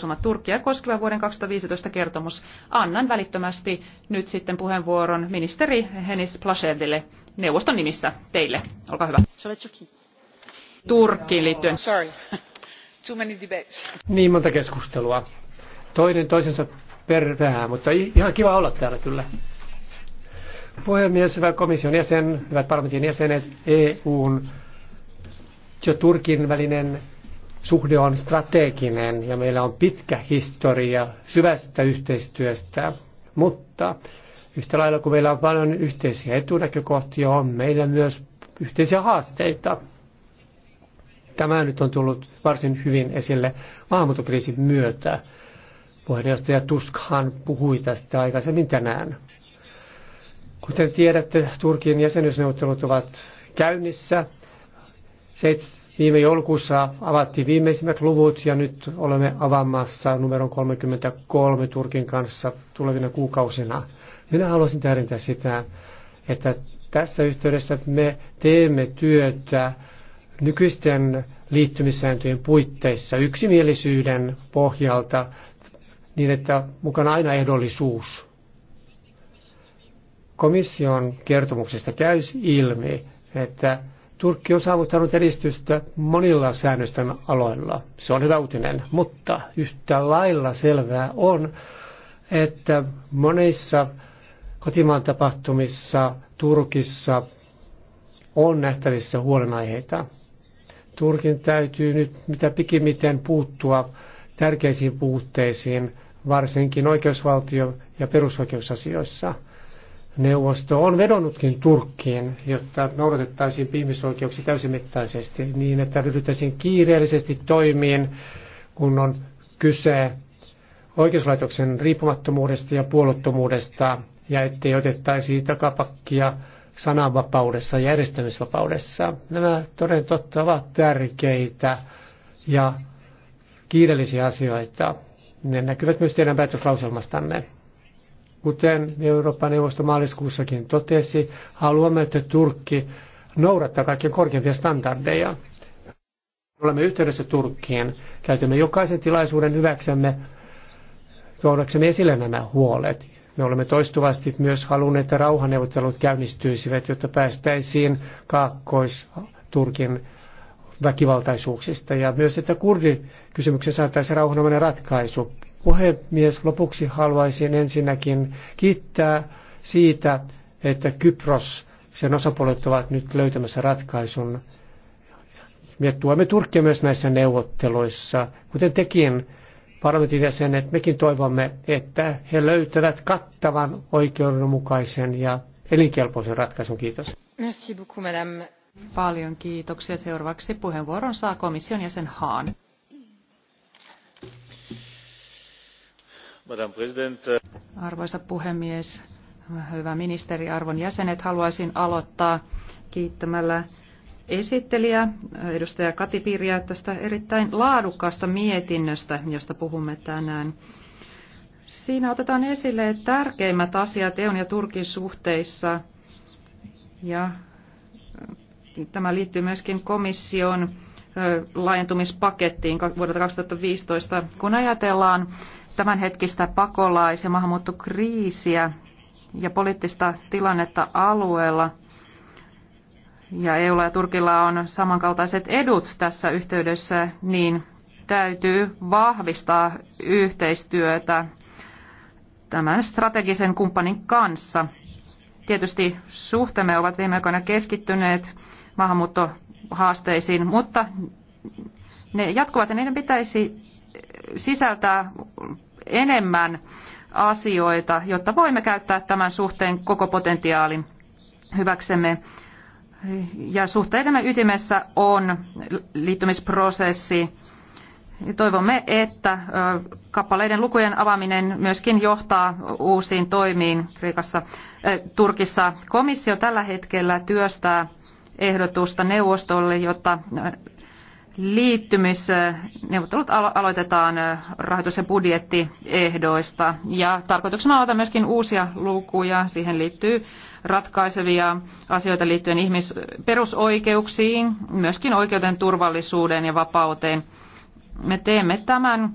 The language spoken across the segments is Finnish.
julkilausuma Turkia koskeva vuoden 2015 kertomus. Annan välittömästi nyt sitten puheenvuoron ministeri Henis Plaseville neuvoston nimissä teille. Olkaa hyvä. Turkkiin liittyen. Oh, sorry. Too many debates. Niin monta keskustelua. Toinen toisensa perään, mutta ihan kiva olla täällä kyllä. Puhemies, hyvä komission jäsen, hyvät parlamentin jäsenet, EUn ja Turkin välinen suhde on strateginen ja meillä on pitkä historia syvästä yhteistyöstä, mutta yhtä lailla kun meillä on paljon yhteisiä etunäkökohtia, on meillä myös yhteisiä haasteita. Tämä nyt on tullut varsin hyvin esille maahanmuuttokriisin myötä. Puheenjohtaja Tuskhan puhui tästä aikaisemmin tänään. Kuten tiedätte, Turkin jäsenyysneuvottelut ovat käynnissä. Viime joulukuussa avattiin viimeisimmät luvut ja nyt olemme avaamassa numeron 33 Turkin kanssa tulevina kuukausina. Minä haluaisin tähdentää sitä, että tässä yhteydessä me teemme työtä nykyisten liittymissääntöjen puitteissa yksimielisyyden pohjalta niin, että mukana aina ehdollisuus. Komission kertomuksesta käy ilmi, että Turkki on saavuttanut edistystä monilla säännöstön aloilla. Se on hyvä uutinen, mutta yhtä lailla selvää on, että monissa kotimaan tapahtumissa Turkissa on nähtävissä huolenaiheita. Turkin täytyy nyt mitä pikimiten puuttua tärkeisiin puutteisiin, varsinkin oikeusvaltio- ja perusoikeusasioissa – neuvosto on vedonnutkin Turkkiin, jotta noudatettaisiin ihmisoikeuksia täysimittaisesti niin, että ryhdyttäisiin kiireellisesti toimiin, kun on kyse oikeuslaitoksen riippumattomuudesta ja puolottomuudesta ja ettei otettaisi takapakkia sananvapaudessa ja järjestämisvapaudessa. Nämä toden totta ovat tärkeitä ja kiireellisiä asioita. Ne näkyvät myös teidän päätöslauselmastanne. Kuten Euroopan neuvosto maaliskuussakin totesi, haluamme, että Turkki noudattaa kaikkien korkeimpia standardeja. Olemme yhteydessä Turkkiin, käytämme jokaisen tilaisuuden hyväksemme, tuodaksemme esille nämä huolet. Me olemme toistuvasti myös halunneet, että rauhanneuvottelut käynnistyisivät, jotta päästäisiin Kaakkois-Turkin väkivaltaisuuksista ja myös, että kurdikysymyksen saataisiin rauhanomainen ratkaisu puhemies, lopuksi haluaisin ensinnäkin kiittää siitä, että Kypros, sen osapuolet ovat nyt löytämässä ratkaisun. Me tuemme Turkkia myös näissä neuvotteluissa, kuten tekin parlamentin jäsenet, mekin toivomme, että he löytävät kattavan, oikeudenmukaisen ja elinkelpoisen ratkaisun. Kiitos. Merci beaucoup, madame. Paljon kiitoksia. Seuraavaksi puheenvuoron saa komission jäsen Haan. Arvoisa puhemies, hyvä ministeri, arvon jäsenet, haluaisin aloittaa kiittämällä esittelijä, edustaja Kati Pirjaa tästä erittäin laadukkaasta mietinnöstä, josta puhumme tänään. Siinä otetaan esille tärkeimmät asiat EUn ja Turkin suhteissa ja tämä liittyy myöskin komission laajentumispakettiin vuodelta 2015. Kun ajatellaan tämänhetkistä pakolais- ja maahanmuuttokriisiä ja poliittista tilannetta alueella. Ja EUlla ja Turkilla on samankaltaiset edut tässä yhteydessä, niin täytyy vahvistaa yhteistyötä tämän strategisen kumppanin kanssa. Tietysti suhteemme ovat viime aikoina keskittyneet maahanmuuttohaasteisiin, mutta ne jatkuvat ja niiden pitäisi sisältää enemmän asioita, jotta voimme käyttää tämän suhteen koko potentiaalin hyväksemme. Ja suhteidemme ytimessä on liittymisprosessi. Toivomme, että kappaleiden lukujen avaaminen myöskin johtaa uusiin toimiin Kreikassa, Turkissa. Komissio tällä hetkellä työstää ehdotusta neuvostolle, jotta liittymisneuvottelut aloitetaan rahoitus- ja budjettiehdoista. Ja tarkoituksena on avata myöskin uusia lukuja. Siihen liittyy ratkaisevia asioita liittyen ihmis- perusoikeuksiin, myöskin oikeuden turvallisuuteen ja vapauteen. Me teemme tämän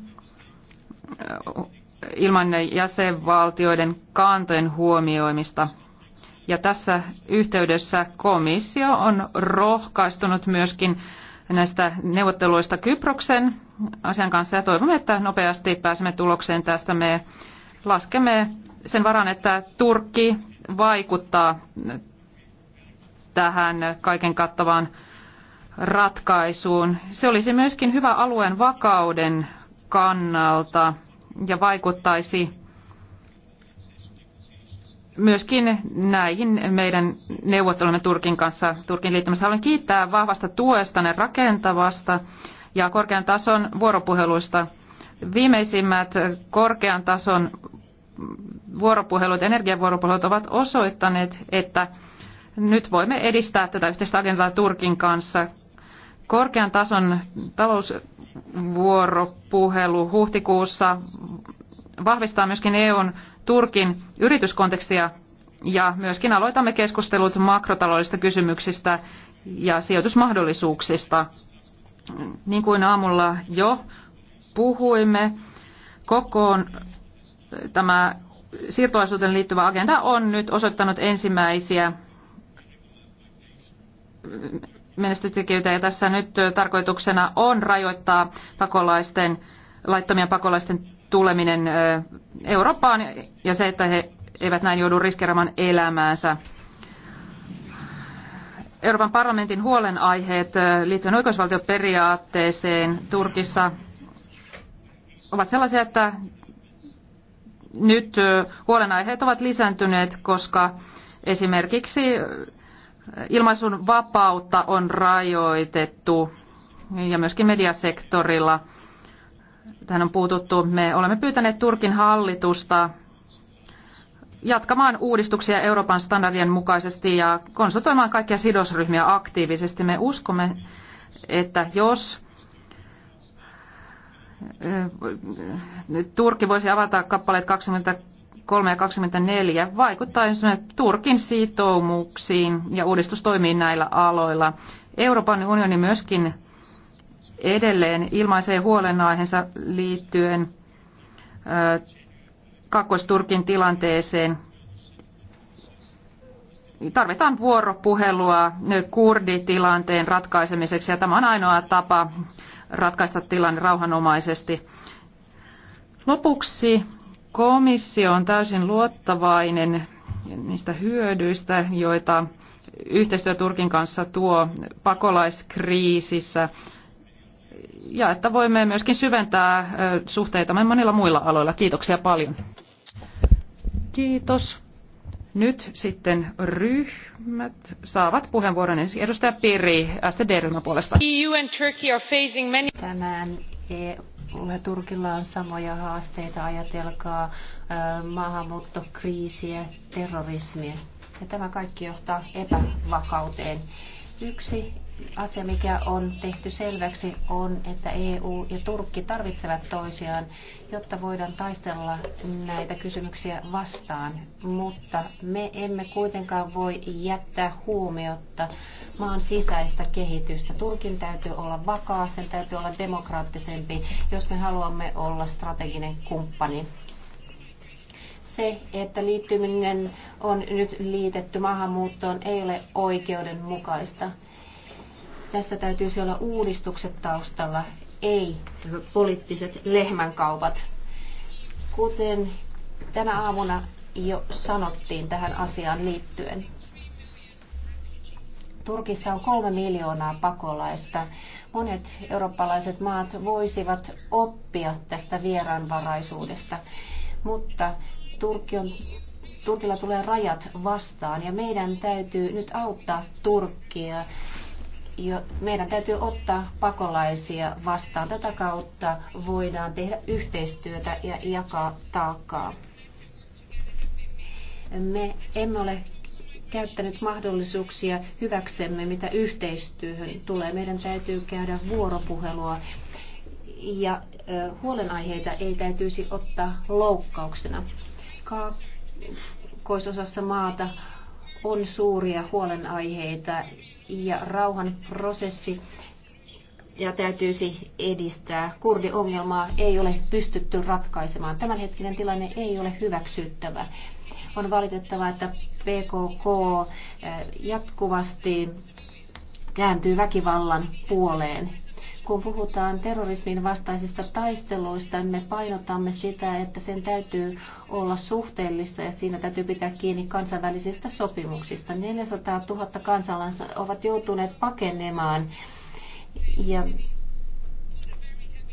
ilman jäsenvaltioiden kantojen huomioimista ja tässä yhteydessä komissio on rohkaistunut myöskin näistä neuvotteluista Kyproksen asian kanssa ja toivomme, että nopeasti pääsemme tulokseen tästä. Me laskemme sen varan, että Turkki vaikuttaa tähän kaiken kattavaan ratkaisuun. Se olisi myöskin hyvä alueen vakauden kannalta ja vaikuttaisi myöskin näihin meidän neuvottelumme Turkin kanssa, Turkin liittymässä. Haluan kiittää vahvasta tuesta, ne rakentavasta ja korkean tason vuoropuheluista. Viimeisimmät korkean tason vuoropuhelut, energiavuoropuhelut ovat osoittaneet, että nyt voimme edistää tätä yhteistä agendaa Turkin kanssa. Korkean tason talousvuoropuhelu huhtikuussa vahvistaa myöskin EUn Turkin yrityskontekstia ja myöskin aloitamme keskustelut makrotaloudellisista kysymyksistä ja sijoitusmahdollisuuksista. Niin kuin aamulla jo puhuimme, kokoon tämä siirtolaisuuteen liittyvä agenda on nyt osoittanut ensimmäisiä menestystekijöitä ja tässä nyt tarkoituksena on rajoittaa pakolaisten, laittomien pakolaisten tuleminen Eurooppaan ja se, että he eivät näin joudu riskeramaan elämäänsä. Euroopan parlamentin huolenaiheet liittyen oikeusvaltioperiaatteeseen Turkissa ovat sellaisia, että nyt huolenaiheet ovat lisääntyneet, koska esimerkiksi ilmaisun vapautta on rajoitettu ja myöskin mediasektorilla – tähän on puututtu. Me olemme pyytäneet Turkin hallitusta jatkamaan uudistuksia Euroopan standardien mukaisesti ja konsultoimaan kaikkia sidosryhmiä aktiivisesti. Me uskomme, että jos eh, Turkki voisi avata kappaleet 23 ja 24, vaikuttaa Turkin sitoumuksiin ja uudistustoimiin näillä aloilla. Euroopan unioni myöskin edelleen ilmaisee huolenaiheensa liittyen Kakkosturkin tilanteeseen. Tarvitaan vuoropuhelua kurditilanteen ratkaisemiseksi ja tämä on ainoa tapa ratkaista tilanne rauhanomaisesti. Lopuksi komissio on täysin luottavainen niistä hyödyistä, joita yhteistyö Turkin kanssa tuo pakolaiskriisissä ja että voimme myöskin syventää suhteitamme monilla muilla aloilla. Kiitoksia paljon. Kiitos. Nyt sitten ryhmät saavat puheenvuoron ensin. Edustaja Piri, STD-ryhmän puolesta. EU and Turkey are facing many... Tänään EU ja Turkilla on samoja haasteita, ajatelkaa maahanmuuttokriisiä, terrorismia. Ja tämä kaikki johtaa epävakauteen. Yksi asia, mikä on tehty selväksi, on, että EU ja Turkki tarvitsevat toisiaan, jotta voidaan taistella näitä kysymyksiä vastaan. Mutta me emme kuitenkaan voi jättää huomiota maan sisäistä kehitystä. Turkin täytyy olla vakaa, sen täytyy olla demokraattisempi, jos me haluamme olla strateginen kumppani se, että liittyminen on nyt liitetty maahanmuuttoon, ei ole oikeudenmukaista tässä täytyisi olla uudistukset taustalla, ei poliittiset lehmänkaupat. Kuten tänä aamuna jo sanottiin tähän asiaan liittyen. Turkissa on kolme miljoonaa pakolaista. Monet eurooppalaiset maat voisivat oppia tästä vieraanvaraisuudesta, mutta Turkki on, Turkilla tulee rajat vastaan ja meidän täytyy nyt auttaa Turkkia jo, meidän täytyy ottaa pakolaisia vastaan. Tätä kautta voidaan tehdä yhteistyötä ja jakaa taakkaa. Me emme ole käyttänyt mahdollisuuksia hyväksemme, mitä yhteistyöhön tulee. Meidän täytyy käydä vuoropuhelua ja huolenaiheita ei täytyisi ottaa loukkauksena. Kaakkoisosassa maata on suuria huolenaiheita ja rauhan prosessi ja täytyisi edistää. Kurdiongelmaa ei ole pystytty ratkaisemaan. Tämänhetkinen tilanne ei ole hyväksyttävä. On valitettavaa, että PKK eh, jatkuvasti kääntyy väkivallan puoleen kun puhutaan terrorismin vastaisista taisteluista, me painotamme sitä, että sen täytyy olla suhteellista ja siinä täytyy pitää kiinni kansainvälisistä sopimuksista. 400 000 kansalaista ovat joutuneet pakenemaan ja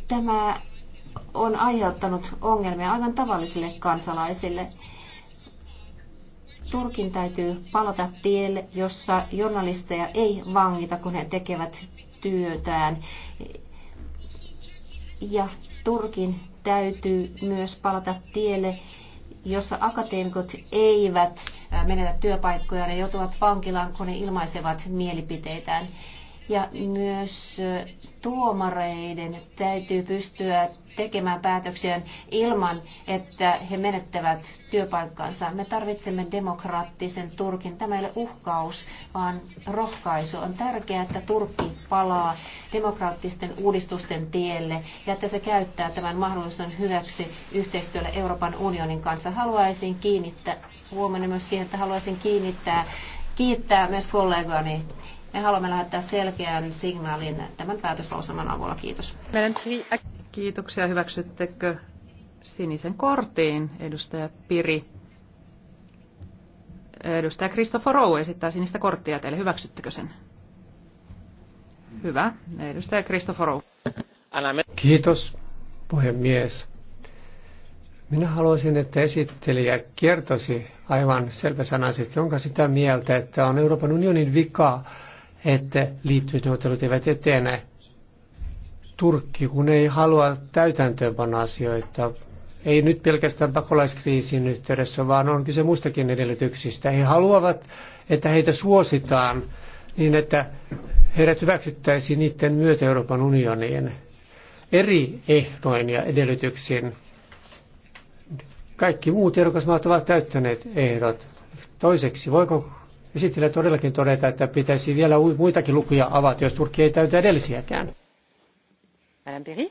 tämä on aiheuttanut ongelmia aivan tavallisille kansalaisille. Turkin täytyy palata tielle, jossa journalisteja ei vangita, kun he tekevät työtään. Ja Turkin täytyy myös palata tielle, jossa akateemikot eivät menetä työpaikkoja, ne joutuvat vankilaan, kun ne ilmaisevat mielipiteitään ja myös tuomareiden täytyy pystyä tekemään päätöksiä ilman, että he menettävät työpaikkansa. Me tarvitsemme demokraattisen Turkin. Tämä ei ole uhkaus, vaan rohkaisu. On tärkeää, että Turkki palaa demokraattisten uudistusten tielle ja että se käyttää tämän mahdollisuuden hyväksi yhteistyölle Euroopan unionin kanssa. Haluaisin kiinnittää huomenna myös siihen, että haluaisin kiinnittää, kiittää myös kollegani me haluamme lähettää selkeän signaalin tämän päätöslauselman avulla. Kiitos. Kiitoksia. Hyväksyttekö sinisen kortin, edustaja Piri? Edustaja Christopher Rowe esittää sinistä korttia teille. Hyväksyttekö sen? Hyvä. Edustaja Christopher Rowe. Kiitos, puhemies. Minä haluaisin, että esittelijä kertoisi aivan selväsanaisesti, onko sitä mieltä, että on Euroopan unionin vikaa, että liittymisneuvottelut eivät etene. Turkki, kun ei halua täytäntöönpanna asioita, ei nyt pelkästään pakolaiskriisin yhteydessä, vaan on kyse muistakin edellytyksistä. He haluavat, että heitä suositaan niin, että heidät hyväksyttäisiin niiden myötä Euroopan unioniin eri ehdoin ja edellytyksin. Kaikki muut ehdokasmaat ovat täyttäneet ehdot. Toiseksi, voiko esittelijä todellakin todeta, että pitäisi vielä muitakin lukuja avata, jos Turkki ei täytä edellisiäkään. Madame Piri.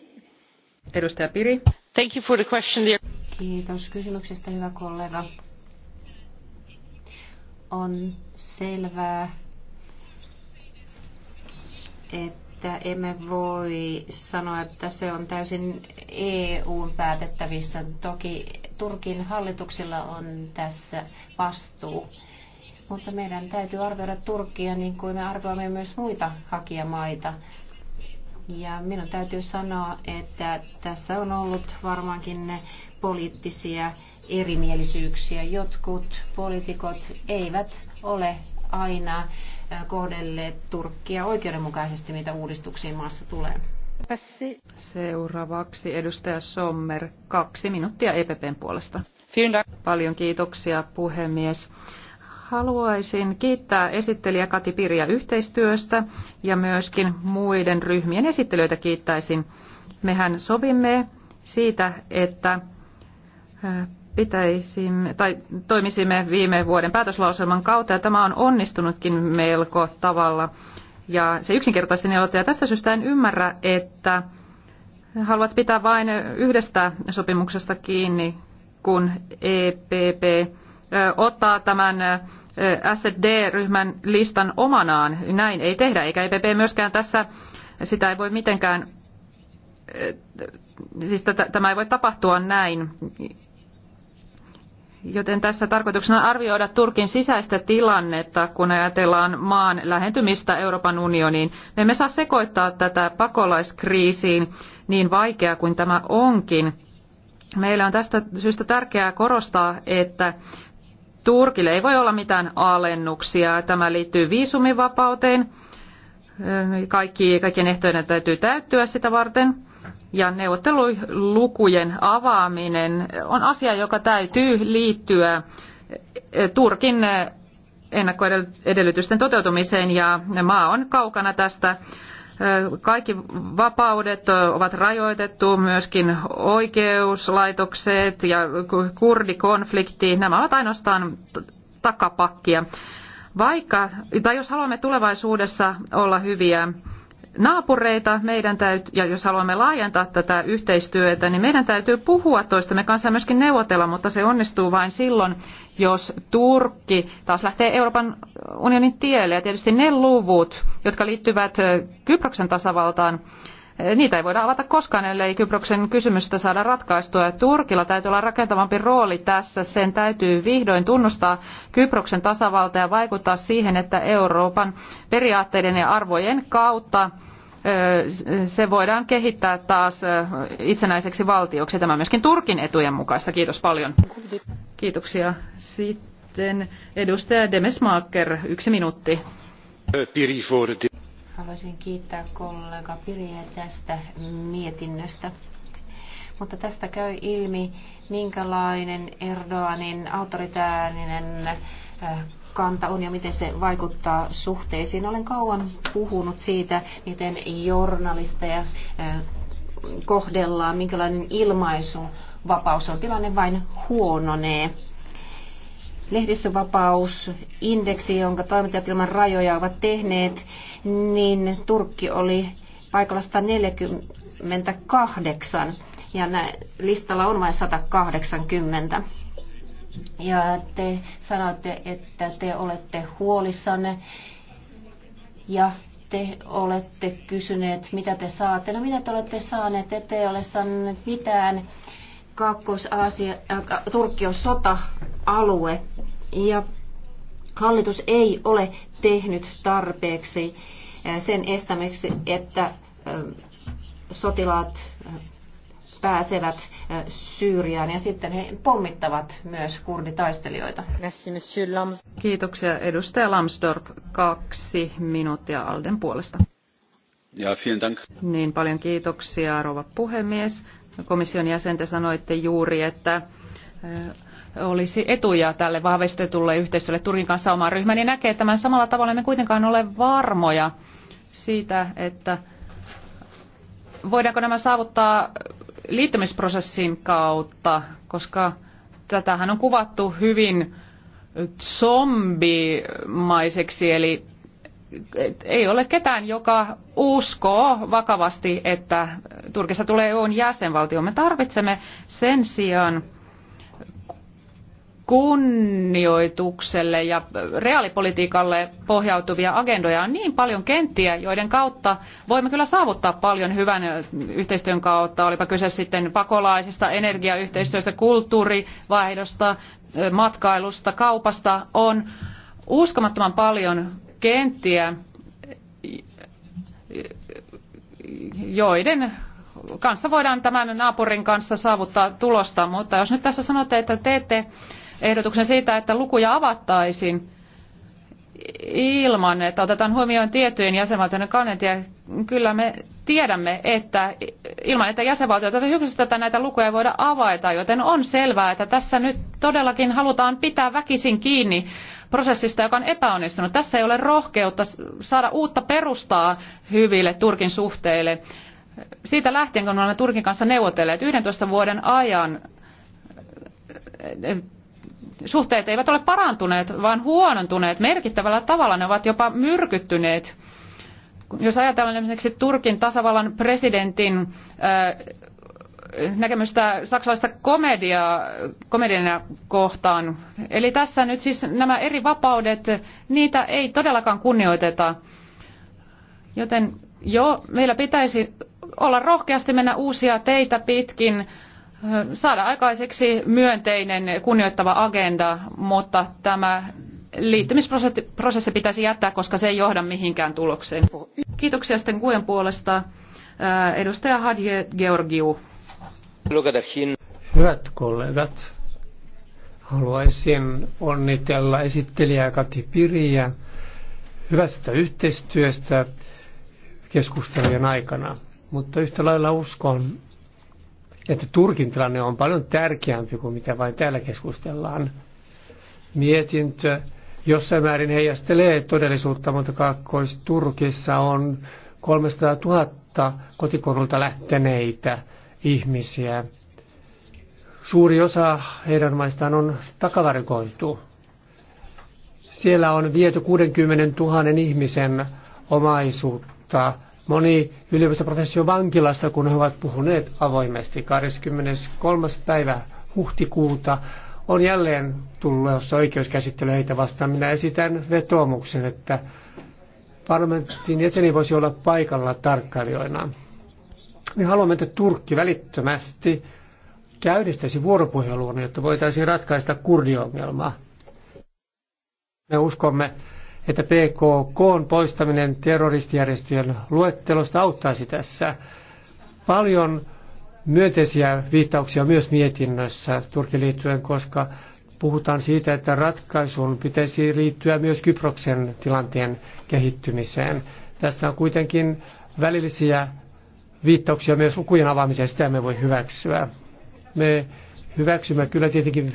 Edustaja Piri. Thank you for the question, dear. Kiitos kysymyksestä, hyvä kollega. On selvää, että emme voi sanoa, että se on täysin EUn päätettävissä. Toki Turkin hallituksilla on tässä vastuu mutta meidän täytyy arvioida Turkia niin kuin me arvioimme myös muita hakijamaita. Ja minun täytyy sanoa, että tässä on ollut varmaankin ne poliittisia erimielisyyksiä. Jotkut poliitikot eivät ole aina kohdelleet Turkkia oikeudenmukaisesti, mitä uudistuksiin maassa tulee. Seuraavaksi edustaja Sommer, kaksi minuuttia EPPn puolesta. Paljon kiitoksia puhemies. Haluaisin kiittää esittelijä Kati Pirja yhteistyöstä ja myöskin muiden ryhmien esittelyitä kiittäisin. Mehän sovimme siitä, että pitäisimme, tai toimisimme viime vuoden päätöslauselman kautta, ja tämä on onnistunutkin melko tavalla. Ja se yksinkertaisesti ja Tästä syystä en ymmärrä, että haluat pitää vain yhdestä sopimuksesta kiinni, kun EPP ottaa tämän SD-ryhmän listan omanaan. Näin ei tehdä, eikä EPP myöskään tässä, sitä ei voi mitenkään, siis tämä ei voi tapahtua näin. Joten tässä tarkoituksena on arvioida Turkin sisäistä tilannetta, kun ajatellaan maan lähentymistä Euroopan unioniin. Me emme saa sekoittaa tätä pakolaiskriisiin niin vaikea kuin tämä onkin. Meillä on tästä syystä tärkeää korostaa, että Turkille ei voi olla mitään alennuksia. Tämä liittyy viisumivapauteen. Kaikki, kaikkien ehtojen täytyy täyttyä sitä varten. Ja neuvottelulukujen avaaminen on asia, joka täytyy liittyä Turkin ennakkoedellytysten toteutumiseen ja maa on kaukana tästä kaikki vapaudet ovat rajoitettu, myöskin oikeuslaitokset ja kurdikonflikti, nämä ovat ainoastaan takapakkia. Vaikka, tai jos haluamme tulevaisuudessa olla hyviä naapureita, meidän täytyy ja jos haluamme laajentaa tätä yhteistyötä, niin meidän täytyy puhua toistemme kanssa myöskin neuvotella, mutta se onnistuu vain silloin, jos Turkki taas lähtee Euroopan unionin tielle. Ja tietysti ne luvut, jotka liittyvät Kyproksen tasavaltaan, niitä ei voida avata koskaan, ellei Kyproksen kysymystä saada ratkaistua. Turkilla täytyy olla rakentavampi rooli tässä. Sen täytyy vihdoin tunnustaa Kyproksen tasavalta ja vaikuttaa siihen, että Euroopan periaatteiden ja arvojen kautta se voidaan kehittää taas itsenäiseksi valtioksi. Tämä on myöskin Turkin etujen mukaista. Kiitos paljon. Kiitoksia. Sitten edustaja Demesmaker, yksi minuutti. Haluaisin kiittää kollega Piriä tästä mietinnöstä. Mutta tästä käy ilmi, minkälainen Erdoganin autoritäärinen äh, kanta on ja miten se vaikuttaa suhteisiin. Olen kauan puhunut siitä, miten journalisteja äh, kohdellaan, minkälainen ilmaisu vapaus on. Tilanne vain huononee lehdistövapausindeksi, jonka toimittajat ilman rajoja ovat tehneet, niin Turkki oli paikalla 148 ja listalla on vain 180. Ja te sanoitte, että te olette huolissanne ja te olette kysyneet, mitä te saatte. No mitä te olette saaneet? Te ette ole saaneet mitään. Kaakkois-Aasia, äh, Turkki on sota alue ja hallitus ei ole tehnyt tarpeeksi eh, sen estämiseksi, että eh, sotilaat eh, pääsevät Syyriaan ja sitten he pommittavat myös kurditaistelijoita. Kiitoksia edustaja Lamsdorp. Kaksi minuuttia Alden puolesta. Ja, dank. Niin paljon kiitoksia, rouva puhemies. Komission jäsentä sanoitte juuri, että olisi etuja tälle vahvistetulle yhteistyölle Turkin kanssa ryhmään, ryhmäni niin näkee tämän samalla tavalla. Me kuitenkaan ole varmoja siitä, että voidaanko nämä saavuttaa liittymisprosessin kautta, koska tätähän on kuvattu hyvin zombimaiseksi, eli ei ole ketään, joka uskoo vakavasti, että Turkissa tulee EUn jäsenvaltio. Me tarvitsemme sen sijaan kunnioitukselle ja reaalipolitiikalle pohjautuvia agendoja on niin paljon kenttiä, joiden kautta voimme kyllä saavuttaa paljon hyvän yhteistyön kautta, olipa kyse sitten pakolaisista, energiayhteistyöstä, kulttuurivaihdosta, matkailusta, kaupasta, on uskomattoman paljon kenttiä, joiden kanssa voidaan tämän naapurin kanssa saavuttaa tulosta, mutta jos nyt tässä sanotte, että te ette ehdotuksen siitä, että lukuja avattaisiin ilman, että otetaan huomioon tiettyjen jäsenvaltioiden kannat. Ja kyllä me tiedämme, että ilman, että jäsenvaltioita hyväksytetään näitä lukuja ei voida avaita, joten on selvää, että tässä nyt todellakin halutaan pitää väkisin kiinni prosessista, joka on epäonnistunut. Tässä ei ole rohkeutta saada uutta perustaa hyville Turkin suhteille. Siitä lähtien, kun olemme Turkin kanssa neuvotelleet 11 vuoden ajan, suhteet eivät ole parantuneet, vaan huonontuneet merkittävällä tavalla. Ne ovat jopa myrkyttyneet. Jos ajatellaan esimerkiksi Turkin tasavallan presidentin äh, näkemystä saksalaista komediaa, komediana kohtaan. Eli tässä nyt siis nämä eri vapaudet, niitä ei todellakaan kunnioiteta. Joten jo meillä pitäisi olla rohkeasti mennä uusia teitä pitkin saada aikaiseksi myönteinen kunnioittava agenda, mutta tämä liittymisprosessi pitäisi jättää, koska se ei johda mihinkään tulokseen. Kiitoksia sitten Kuen puolesta. Edustaja Hadje Georgiou. Hyvät kollegat, haluaisin onnitella esittelijää Kati Piriä hyvästä yhteistyöstä keskustelujen aikana, mutta yhtä lailla uskon, että Turkin tilanne on paljon tärkeämpi kuin mitä vain täällä keskustellaan. Mietintö jossain määrin heijastelee todellisuutta, mutta Kaakkois-Turkissa on 300 000 kotikodulta lähteneitä ihmisiä. Suuri osa heidän maistaan on takavarikoitu. Siellä on viety 60 000 ihmisen omaisuutta Moni yliopistoprofessori on vankilassa, kun he ovat puhuneet avoimesti. 23. päivä huhtikuuta on jälleen tullut oikeuskäsittely heitä vastaan. Minä esitän vetoomuksen, että parlamentin jäseni voisi olla paikalla tarkkailijoina. Me haluamme, että Turkki välittömästi käynnistäisi vuoropuheluun, jotta voitaisiin ratkaista kurdiongelmaa. Me uskomme, että PKK poistaminen terroristijärjestöjen luettelosta auttaisi tässä. Paljon myönteisiä viittauksia myös mietinnössä Turkin liittyen, koska puhutaan siitä, että ratkaisun pitäisi liittyä myös Kyproksen tilanteen kehittymiseen. Tässä on kuitenkin välillisiä viittauksia myös lukujen avaamiseen, sitä me voi hyväksyä. Me hyväksymme kyllä tietenkin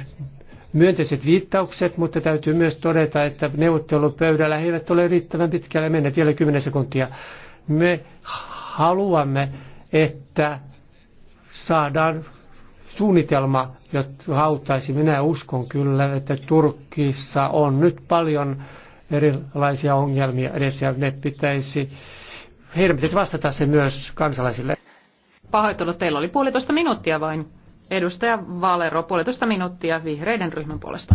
myönteiset viittaukset, mutta täytyy myös todeta, että neuvottelupöydällä he eivät ole riittävän pitkälle menneet vielä 10 sekuntia. Me haluamme, että saadaan suunnitelma, jotta hautaisi. Minä uskon kyllä, että Turkissa on nyt paljon erilaisia ongelmia edessä ja ne pitäisi, heidän pitäisi vastata se myös kansalaisille. Pahoittelut, teillä oli puolitoista minuuttia vain. Edustaja Valero, puolitoista minuuttia vihreiden ryhmän puolesta.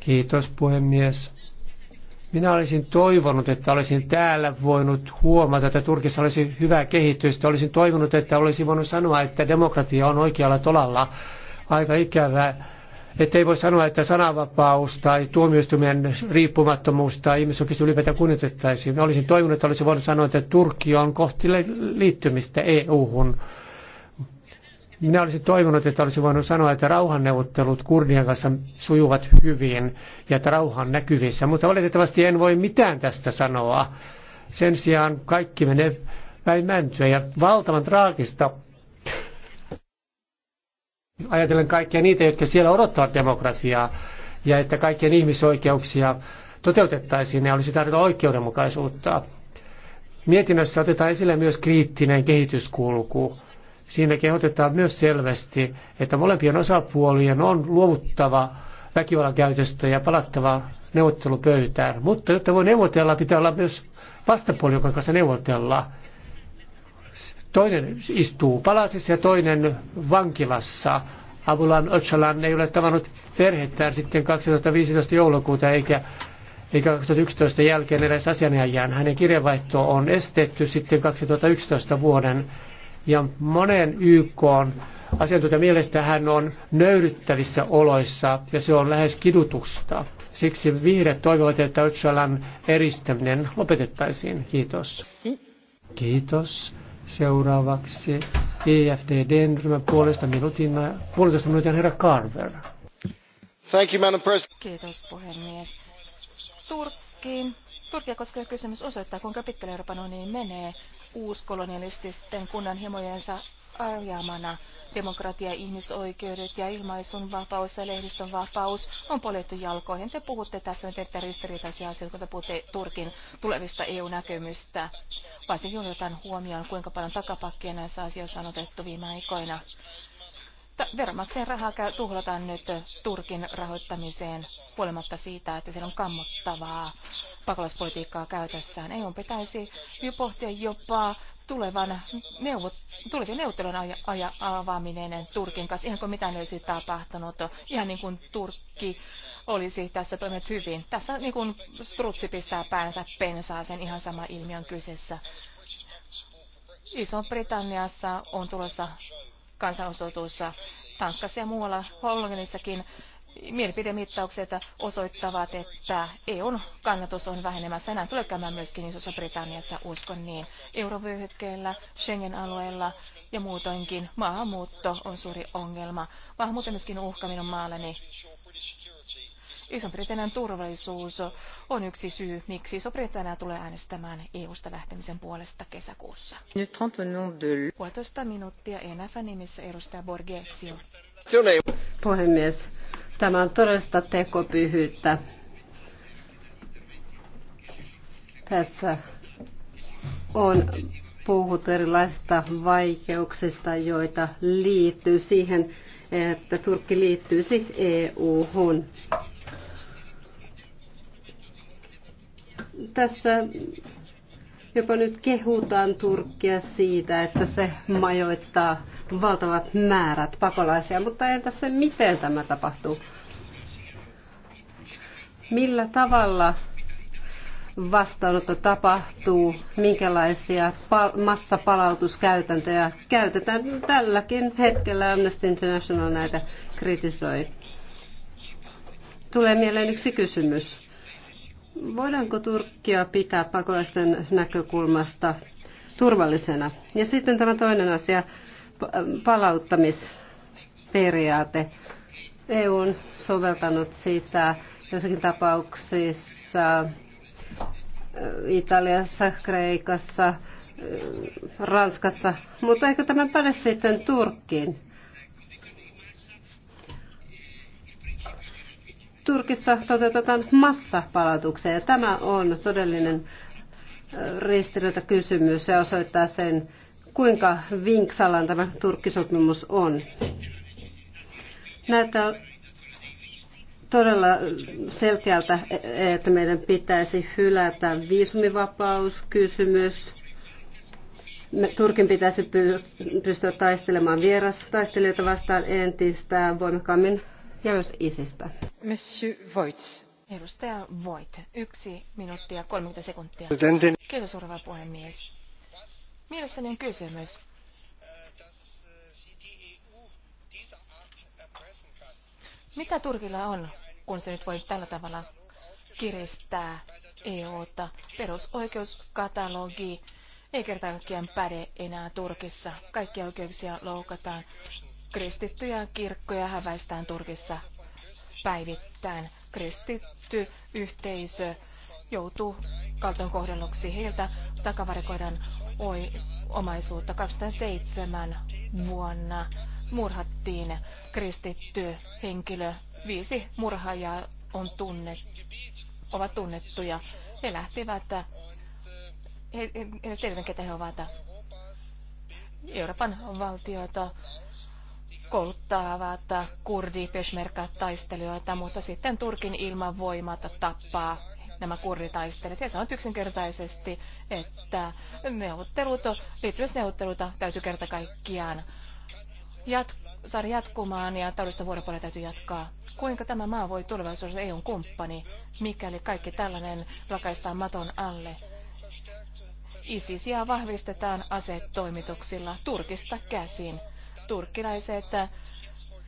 Kiitos puhemies. Minä olisin toivonut, että olisin täällä voinut huomata, että Turkissa olisi hyvää kehitystä. Olisin toivonut, että olisin voinut sanoa, että demokratia on oikealla tolalla. Aika ikävää, että ei voi sanoa, että sananvapaus tai tuomioistuimen riippumattomuus tai ihmisoikeus ylipäätään kunnioitettaisiin. Olisin toivonut, että olisin voinut sanoa, että Turkki on kohti liittymistä EU-hun. Minä olisin toivonut, että olisin voinut sanoa, että rauhanneuvottelut kurdien kanssa sujuvat hyvin ja että rauha on näkyvissä, mutta valitettavasti en voi mitään tästä sanoa. Sen sijaan kaikki menee päin mäntyä ja valtavan traagista ajatellen kaikkia niitä, jotka siellä odottavat demokratiaa ja että kaikkien ihmisoikeuksia toteutettaisiin ja olisi tarjota oikeudenmukaisuutta. Mietinnössä otetaan esille myös kriittinen kehityskulku Siinä kehotetaan myös selvästi, että molempien osapuolien on luovuttava väkivallan käytöstä ja palattava neuvottelupöytään. Mutta jotta voi neuvotella, pitää olla myös vastapuoli, jonka kanssa neuvotella. Toinen istuu palasissa ja toinen vankilassa. Abulan Öcalan ei ole tavannut perhettään sitten 2015 joulukuuta eikä, eikä 2011 jälkeen edes asianajajan. Hänen kirjeenvaihto on estetty sitten 2011 vuoden ja monen YK on asiantuntija mielestä hän on nöyryttävissä oloissa ja se on lähes kidutusta. Siksi vihreät toivovat, että Öcalan eristäminen lopetettaisiin. Kiitos. Kiitos. Seuraavaksi EFDDn ryhmän puolesta minuutin, puolitoista minuutin herra Carver. Thank you, Madam President. Kiitos puhemies. Turkkiin. Turkia koskeva kysymys osoittaa, kuinka pitkälle Euroopan unioni menee uuskolonialististen kunnanhimojensa ajamana demokratia, ihmisoikeudet ja ilmaisun vapaus ja lehdistön vapaus on poljettu jalkoihin. Te puhutte tässä nyt että ristiriitaisia asioita, kun te puhutte Turkin tulevista eu näkemystä Varsinkin otetaan huomioon, kuinka paljon takapakkia näissä asioissa on otettu viime aikoina veronmaksajan rahaa tuhlataan nyt Turkin rahoittamiseen, huolimatta siitä, että siellä on kammottavaa pakolaispolitiikkaa käytössään. EU pitäisi jo pohtia jopa tulevan neuvot, tulevien neuvottelun aja, aja, avaaminen Turkin kanssa, ihan kuin mitään ei olisi tapahtunut, ihan niin kuin Turkki olisi tässä toiminut hyvin. Tässä niin kuin strutsi pistää päänsä pensaaseen, ihan sama ilmiön kyseessä. Iso-Britanniassa on tulossa kansanosoituissa Tanskassa ja muualla Hollannissakin mielipidemittaukset osoittavat, että EUn kannatus on vähenemässä. Näin tulee käymään myöskin Isossa Britanniassa, uskon niin. Eurovyöhykkeellä, Schengen-alueella ja muutoinkin maahanmuutto on suuri ongelma. Maahanmuutto on myöskin uhka minun maalleni. Iso-Britannian turvallisuus on yksi syy, miksi Iso-Britannia tulee äänestämään EU-sta lähtemisen puolesta kesäkuussa. Puolitoista minuuttia ENF-nimissä edustaja Borgetsio. Puhemies, tämä on todellista tekopyhyyttä. Tässä on puhuttu erilaisista vaikeuksista, joita liittyy siihen, että Turkki liittyisi EU-hun. Tässä jopa nyt kehutaan Turkkia siitä, että se majoittaa valtavat määrät pakolaisia, mutta entä se, miten tämä tapahtuu? Millä tavalla vastaanotto tapahtuu, minkälaisia massapalautuskäytäntöjä käytetään. Tälläkin hetkellä Amnesty International näitä kritisoi. Tulee mieleen yksi kysymys. Voidaanko Turkkia pitää pakolaisten näkökulmasta turvallisena? Ja sitten tämä toinen asia, palauttamisperiaate. EU on soveltanut sitä jossakin tapauksissa Italiassa, Kreikassa, Ranskassa, mutta eikö tämä päde sitten Turkkiin? Turkissa toteutetaan massapalautuksia ja tämä on todellinen ristiriita kysymys ja osoittaa sen, kuinka vinksallaan tämä Turkkisopimus on. Näyttää todella selkeältä, että meidän pitäisi hylätä viisumivapauskysymys. Turkin pitäisi pystyä taistelemaan vierastaistelijoita vastaan entistä voimakkaammin ja myös Isistä. Monsieur yksi minuuttia 30 sekuntia. Kiitos, rouva puhemies. Mielessäni on kysymys. Mitä Turkilla on, kun se nyt voi tällä tavalla kiristää EUta? Perusoikeuskatalogi ei kertaa kaikkiaan päde enää Turkissa. Kaikkia oikeuksia loukataan. Kristittyjä kirkkoja häväistään Turkissa päivittäin. Kristitty yhteisö joutuu kohdelluksi Heiltä takavarikoidaan oi, omaisuutta. 2007 vuonna murhattiin kristitty henkilö. Viisi murhaajaa on tunnet, ovat tunnettuja. He lähtivät, he, he, he ketä he ovat. Euroopan valtioita kouluttavat kurdi peshmerkat taistelijoita, mutta sitten Turkin ilmavoimat tappaa nämä kurditaistelijat. He on yksinkertaisesti, että neuvottelut, liittymisneuvotteluita täytyy kerta kaikkiaan jat- saada jatkumaan ja taloudellista vuoropuolella täytyy jatkaa. Kuinka tämä maa voi tulevaisuudessa EUn kumppani, mikäli kaikki tällainen lakaistaan maton alle? ISISiä vahvistetaan asetoimituksilla Turkista käsin turkkilaiset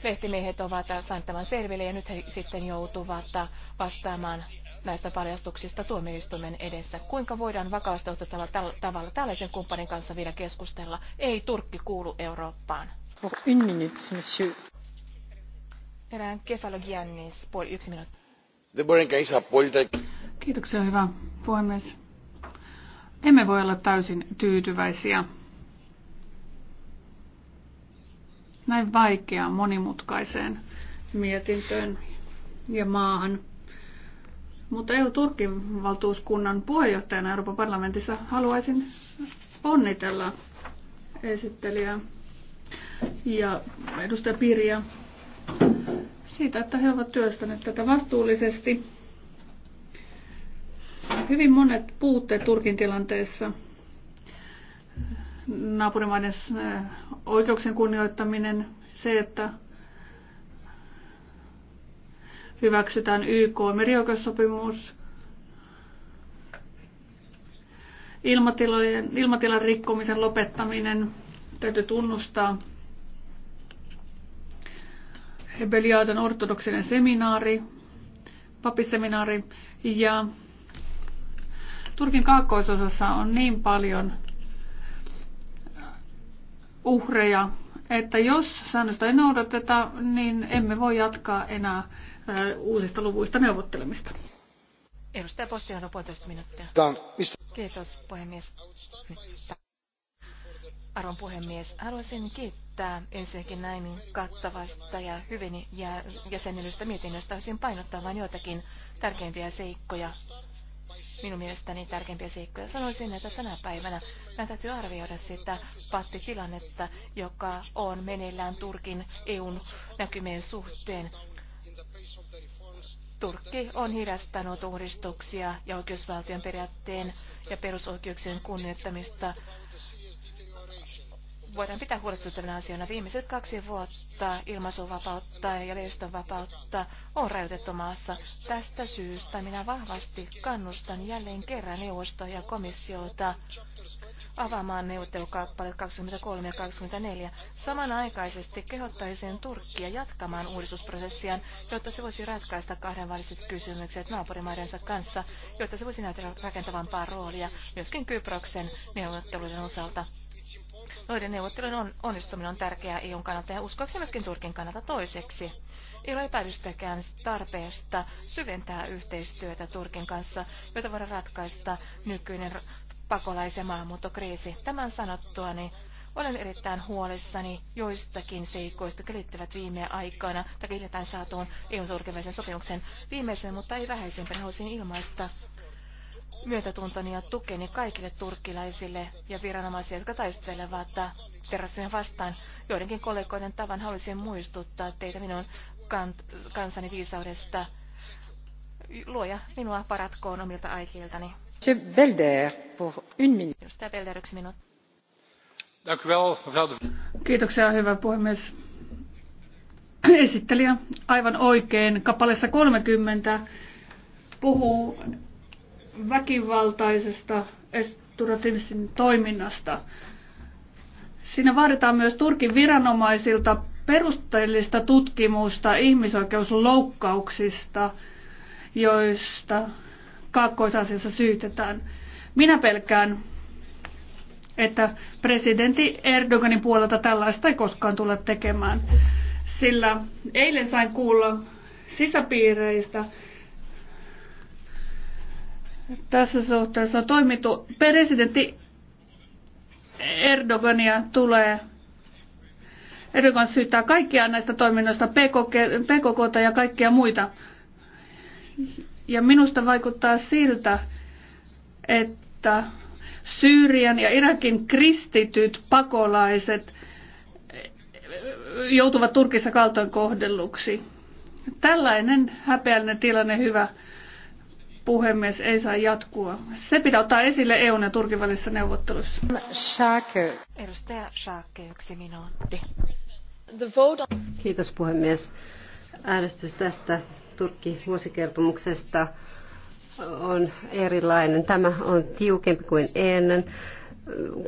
lehtimiehet ovat saaneet tämän selville ja nyt he sitten joutuvat vastaamaan näistä paljastuksista tuomioistuimen edessä. Kuinka voidaan vakausta tavalla, tavalla tällaisen kumppanin kanssa vielä keskustella? Ei Turkki kuulu Eurooppaan. Pour une minute, monsieur. Erään kefalogiannis, puoli yksi minuutti. Kiitoksia, hyvä puhemies. Emme voi olla täysin tyytyväisiä näin vaikeaan monimutkaiseen mietintöön ja maahan. Mutta EU-Turkin valtuuskunnan puheenjohtajana Euroopan parlamentissa haluaisin onnitella esittelijää ja edustaja Pirja siitä, että he ovat työstäneet tätä vastuullisesti. Hyvin monet puutteet Turkin tilanteessa naapurimaiden eh, oikeuksien kunnioittaminen, se, että hyväksytään YK merioikeussopimus, ilmatilojen, ilmatilan rikkomisen lopettaminen, täytyy tunnustaa Hebeliaaton ortodoksinen seminaari, papisseminaari ja Turkin kaakkoisosassa on niin paljon uhreja, että jos säännöstä ei noudateta, niin emme voi jatkaa enää uusista luvuista neuvottelemista. Edustaja posti on puolitoista minuuttia. Kiitos puhemies. Arvon puhemies, haluaisin kiittää ensinnäkin näin kattavasta ja hyvin jäsenilystä mietinnöstä. Haluaisin painottaa vain joitakin tärkeimpiä seikkoja minun mielestäni tärkeimpiä seikkoja. Sanoisin, että tänä päivänä meidän täytyy arvioida sitä pattitilannetta, joka on meneillään Turkin EUn näkymien suhteen. Turkki on hidastanut uudistuksia ja oikeusvaltion periaatteen ja perusoikeuksien kunnioittamista voidaan pitää huolestuttavina asioina Viimeiset kaksi vuotta ilmaisuvapautta ja lehdistönvapautta on rajoitettu maassa. Tästä syystä minä vahvasti kannustan jälleen kerran neuvostoa ja komissiota avaamaan neuvottelukappaleet 23 ja 24. Samanaikaisesti kehottaisin Turkkia jatkamaan uudistusprosessia, jotta se voisi ratkaista kahdenväliset kysymykset naapurimaidensa kanssa, jotta se voisi näyttää rakentavampaa roolia myöskin Kyproksen neuvotteluiden osalta. Noiden neuvottelujen onnistuminen on tärkeää EUn kannalta ja uskoakseni myöskin Turkin kannalta toiseksi. Ei ole epäilystäkään tarpeesta syventää yhteistyötä Turkin kanssa, jota voidaan ratkaista nykyinen pakolais- ja maahanmuuttokriisi. Tämän sanottua, niin olen erittäin huolissani joistakin seikoista, jotka liittyvät viime aikoina tai hiljattain saatuun EUn turkiväisen sopimuksen viimeisen, mutta ei vähäisempänä haluaisin ilmaista myötätuntoni ja tukeni kaikille turkkilaisille ja viranomaisille, jotka taistelevat terrorismia vastaan. Joidenkin kollegoiden tavan haluaisin muistuttaa teitä minun kansani viisaudesta. Luoja minua paratkoon omilta aikiltani. Edustaja Belder, yksi minuutti. Kiitoksia, hyvä puhemies. Esittelijä aivan oikein. Kapalessa 30 puhuu väkivaltaisesta Esturatiivsin toiminnasta. Siinä vaaditaan myös Turkin viranomaisilta perusteellista tutkimusta ihmisoikeusloukkauksista, joista kaakkoisasiassa syytetään. Minä pelkään, että presidentti Erdoganin puolelta tällaista ei koskaan tule tekemään, sillä eilen sain kuulla sisäpiireistä, tässä suhteessa on toimittu. Presidentti Erdogania tulee Erdogan syyttää kaikkia näistä toiminnoista, PKK ja kaikkia muita. Ja minusta vaikuttaa siltä, että Syyrian ja Irakin kristityt pakolaiset joutuvat Turkissa kaltoinkohdelluksi. Tällainen häpeällinen tilanne hyvä puhemies, ei saa jatkua. Se pitää ottaa esille EUn ja Turkin välissä neuvottelussa. Schake. Edustaja Schake, yksi minuutti. Kiitos puhemies. Äänestys tästä Turkki-vuosikertomuksesta on erilainen. Tämä on tiukempi kuin ennen.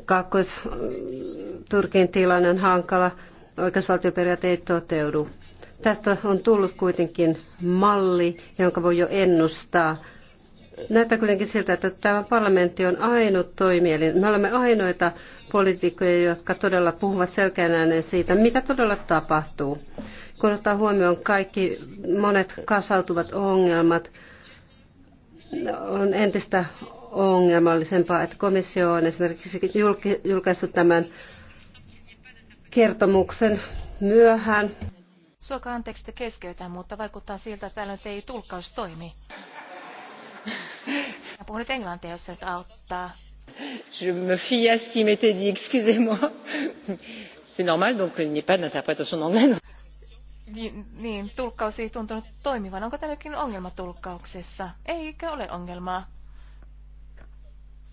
Kaakkois-Turkin tilanne on hankala. Oikeusvaltioperiaate ei toteudu. Tästä on tullut kuitenkin malli, jonka voi jo ennustaa Näyttää kuitenkin siltä, että tämä parlamentti on ainut toimielin. Me olemme ainoita poliitikkoja, jotka todella puhuvat selkeänäinen siitä, mitä todella tapahtuu. Kun ottaa huomioon kaikki monet kasautuvat ongelmat, on entistä ongelmallisempaa, että komissio on esimerkiksi julkaissut tämän kertomuksen myöhään. Suokaa anteeksi, että keskeytän, mutta vaikuttaa siltä, että täällä nyt ei tulkkaus toimi. Puhun nyt englantia, jos se nyt auttaa. Je me fie à ce qui m'était dit, excusez-moi. C'est normal, donc il n'y a pas d'interprétation anglaise. Niin, niin, tulkkaus ei tuntunut toimivan. Onko tälläkin ongelma tulkkauksessa? Eikö ole ongelmaa?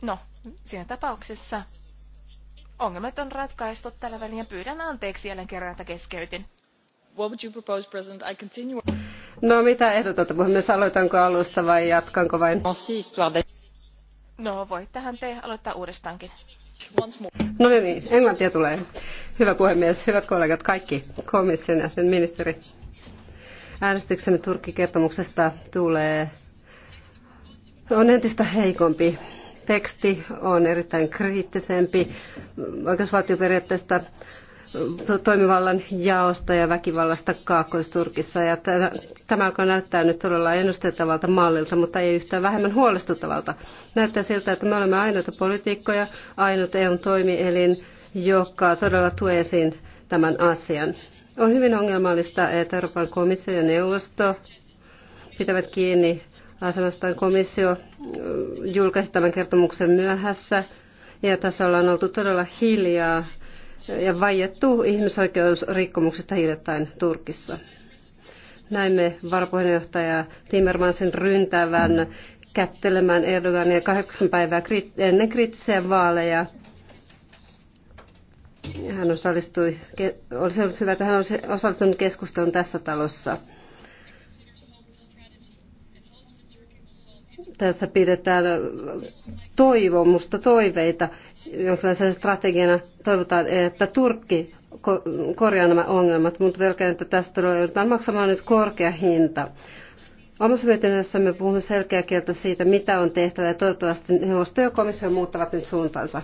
No, siinä tapauksessa ongelmat on ratkaistu tällä välin ja pyydän anteeksi jälleen kerran, että keskeytin. What would you propose, President? I continue. No mitä ehdotatte puhemies, aloitanko alusta vai jatkanko vain? No voittehan te aloittaa uudestaankin. No niin, niin, englantia tulee. Hyvä puhemies, hyvät kollegat, kaikki komission ja sen ministeri. Äänestyksemme Turkki-kertomuksesta tulee, on entistä heikompi. Teksti on erittäin kriittisempi oikeusvaltioperiaatteesta toimivallan jaosta ja väkivallasta Kaakkois-Turkissa. Ja tämä alkaa näyttää nyt todella ennustettavalta mallilta, mutta ei yhtään vähemmän huolestuttavalta. Näyttää siltä, että me olemme ainoita poliitikkoja, ainut EUn toimielin, joka todella tuo esiin tämän asian. On hyvin ongelmallista, että Euroopan komissio ja neuvosto pitävät kiinni asemastaan komissio julkaisi tämän kertomuksen myöhässä. Ja tässä ollaan oltu todella hiljaa ja vaiettu ihmisoikeusrikkomuksista hiljattain Turkissa. Näimme varapuheenjohtaja Timmermansin ryntäävän kättelemään Erdogania kahdeksan päivää ennen kriittisiä vaaleja. Hän osallistui, olisi ollut hyvä, että hän olisi osallistunut keskusteluun tässä talossa. Tässä pidetään toivomusta, toiveita jonkinlaisena strategiana toivotaan, että Turkki korjaa nämä ongelmat, mutta pelkään, että tästä todella joudutaan maksamaan nyt korkea hinta. Omassa mietinnössämme puhumme selkeä kieltä siitä, mitä on tehtävä, ja toivottavasti neuvosto ja komissio muuttavat nyt suuntaansa.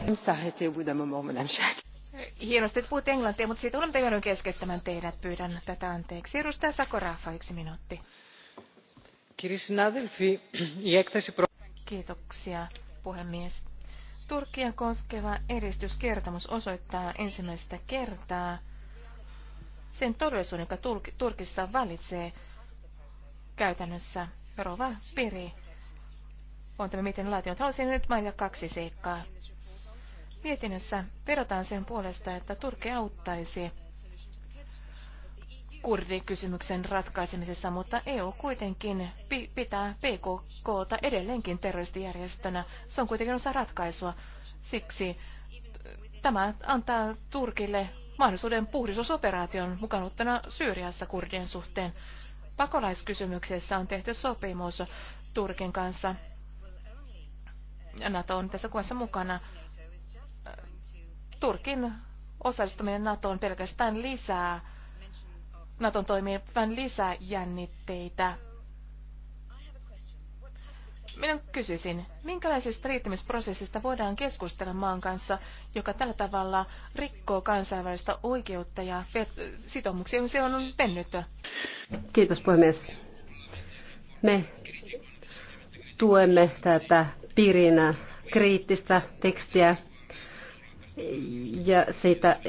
Hienosti, että puhut englantia, mutta siitä olemme joudun keskeyttämään teidät. Pyydän tätä anteeksi. Edustaja Sakorafa, yksi minuutti. Kiitoksia, puhemies Turkia koskeva edistyskertomus osoittaa ensimmäistä kertaa sen todellisuuden, joka Turkissa valitsee käytännössä. Rova Piri on tämä miten laatinut. Haluaisin nyt mainita kaksi seikkaa. Mietinnössä verotaan sen puolesta, että Turkki auttaisi kurdikysymyksen ratkaisemisessa, mutta EU kuitenkin pitää PKKta edelleenkin terroristijärjestönä. Se on kuitenkin osa ratkaisua. Siksi tämä antaa Turkille mahdollisuuden puhdistusoperaation mukanuttana Syyriassa kurdien suhteen. Pakolaiskysymyksessä on tehty sopimus Turkin kanssa. NATO on tässä kuvassa mukana. Turkin osallistuminen NATOon pelkästään lisää Naton toimii vaan lisää jännitteitä. Minä kysyisin, minkälaisista riittämisprosessista voidaan keskustella maan kanssa, joka tällä tavalla rikkoo kansainvälistä oikeutta ja sitoumuksia, se on mennyt? Kiitos puhemies. Me tuemme tätä piirinä kriittistä tekstiä ja siitä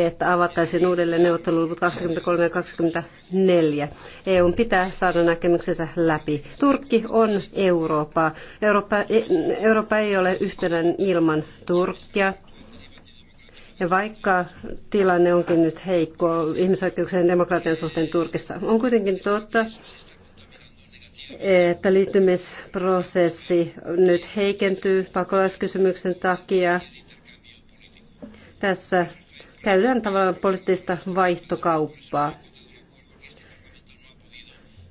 että avattaisiin uudelleen neuvotteluluvut 23 ja 24. EUn pitää saada näkemyksensä läpi. Turkki on Eurooppaa. Eurooppa, e, Eurooppa ei ole yhtenäinen ilman Turkkia. Ja vaikka tilanne onkin nyt heikko ihmisoikeuksien ja demokratian suhteen Turkissa, on kuitenkin totta, että liittymisprosessi nyt heikentyy pakolaiskysymyksen takia. Tässä käydään tavallaan poliittista vaihtokauppaa.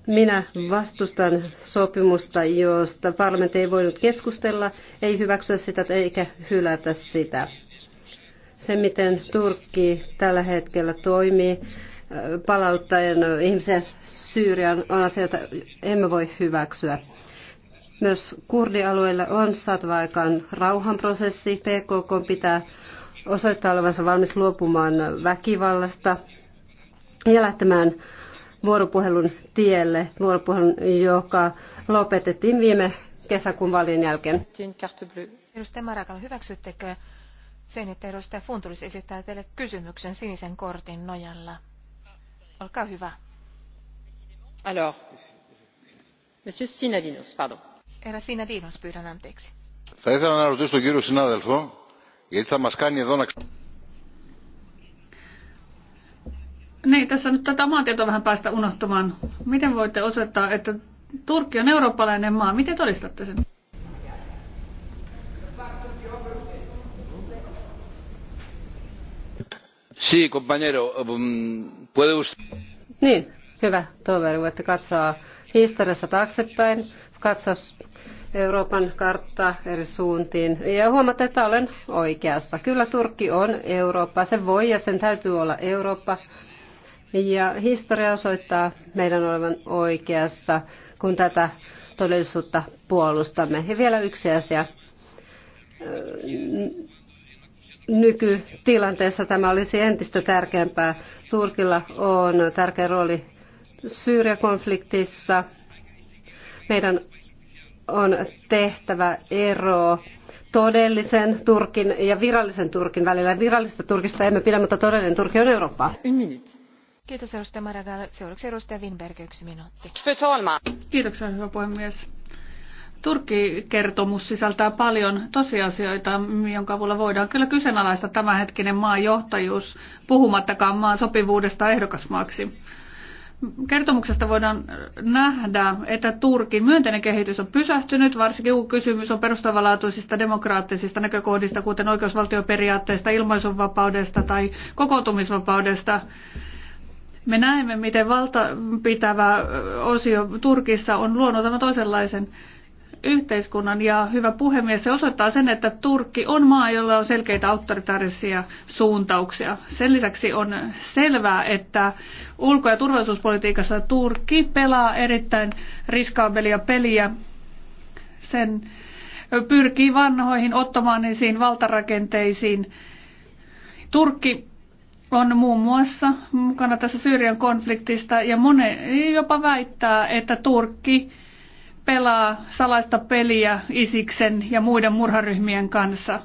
Minä vastustan sopimusta, josta parlamentti ei voinut keskustella, ei hyväksyä sitä eikä hylätä sitä. Se, miten Turkki tällä hetkellä toimii, äh, palauttaen ihmisiä Syyrian, on asia, jota emme voi hyväksyä. Myös kurdialueilla on saatava aikaan rauhanprosessi. PKK pitää osoittaa olevansa valmis luopumaan väkivallasta ja lähtemään vuoropuhelun tielle, vuoropuhelun, joka lopetettiin viime kesäkuun vaalien jälkeen. Edustaja Marakan, hyväksyttekö sen, että edustaja Funtulis esittää teille kysymyksen sinisen kortin nojalla? Olkaa hyvä. Alors, Monsieur Sinadinos, pardon. Herra Sinadinos, pyydän anteeksi. Θα ήθελα να ρωτήσω τον κύριο συνάδελφο Γιατί θα μας κάνει εδώ να... Niin, tässä nyt tätä maantietoa vähän päästä unohtamaan. Miten voitte osoittaa, että Turkki on eurooppalainen maa? Miten todistatte sen? Sí, compañero, um, puede usted... Niin, hyvä toveri, voitte katsoa historiassa taaksepäin, katsoa Euroopan kartta eri suuntiin. Ja huomata, että olen oikeassa. Kyllä Turkki on Eurooppa, se voi ja sen täytyy olla Eurooppa. Ja historia osoittaa meidän olevan oikeassa, kun tätä todellisuutta puolustamme. Ja vielä yksi asia. Nykytilanteessa tämä olisi entistä tärkeämpää. Turkilla on tärkeä rooli Syyriakonfliktissa. Meidän on tehtävä ero todellisen Turkin ja virallisen Turkin välillä. Virallista Turkista emme pidä, mutta todellinen Turki on Eurooppa. Kiitos edustaja Maragall. Seuraavaksi edustaja Winberg, yksi minuutti. Kiitoksia, hyvä puhemies. Turkki-kertomus sisältää paljon tosiasioita, jonka avulla voidaan kyllä kyseenalaista tämänhetkinen maan johtajuus, puhumattakaan maan sopivuudesta ehdokasmaaksi. Kertomuksesta voidaan nähdä, että Turkin myönteinen kehitys on pysähtynyt, varsinkin kun kysymys on perustavanlaatuisista demokraattisista näkökohdista, kuten oikeusvaltioperiaatteesta, ilmaisunvapaudesta tai kokoontumisvapaudesta. Me näemme, miten valtapitävä osio Turkissa on luonut tämän toisenlaisen yhteiskunnan ja hyvä puhemies, se osoittaa sen, että Turkki on maa, jolla on selkeitä autoritaarisia suuntauksia. Sen lisäksi on selvää, että ulko- ja turvallisuuspolitiikassa Turkki pelaa erittäin riskaabelia peliä. Sen pyrkii vanhoihin ottomaanisiin valtarakenteisiin. Turkki on muun muassa mukana tässä Syyrian konfliktista ja moni jopa väittää, että Turkki pelaa salaista peliä Isiksen ja muiden murharyhmien kanssa.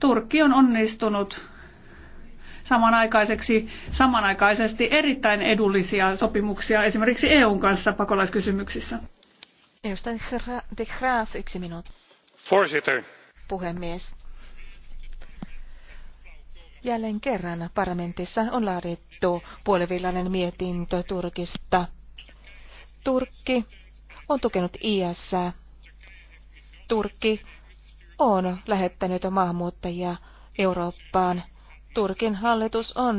Turkki on onnistunut samanaikaiseksi, samanaikaisesti erittäin edullisia sopimuksia esimerkiksi EUn kanssa pakolaiskysymyksissä. Edustaja de Graaf, yksi minuutti. Voorzitter. Puhemies. Jälleen kerran parlamentissa on laadittu puolivillainen mietintö Turkista. Turkki on tukenut IS. Turkki on lähettänyt maahanmuuttajia Eurooppaan. Turkin hallitus on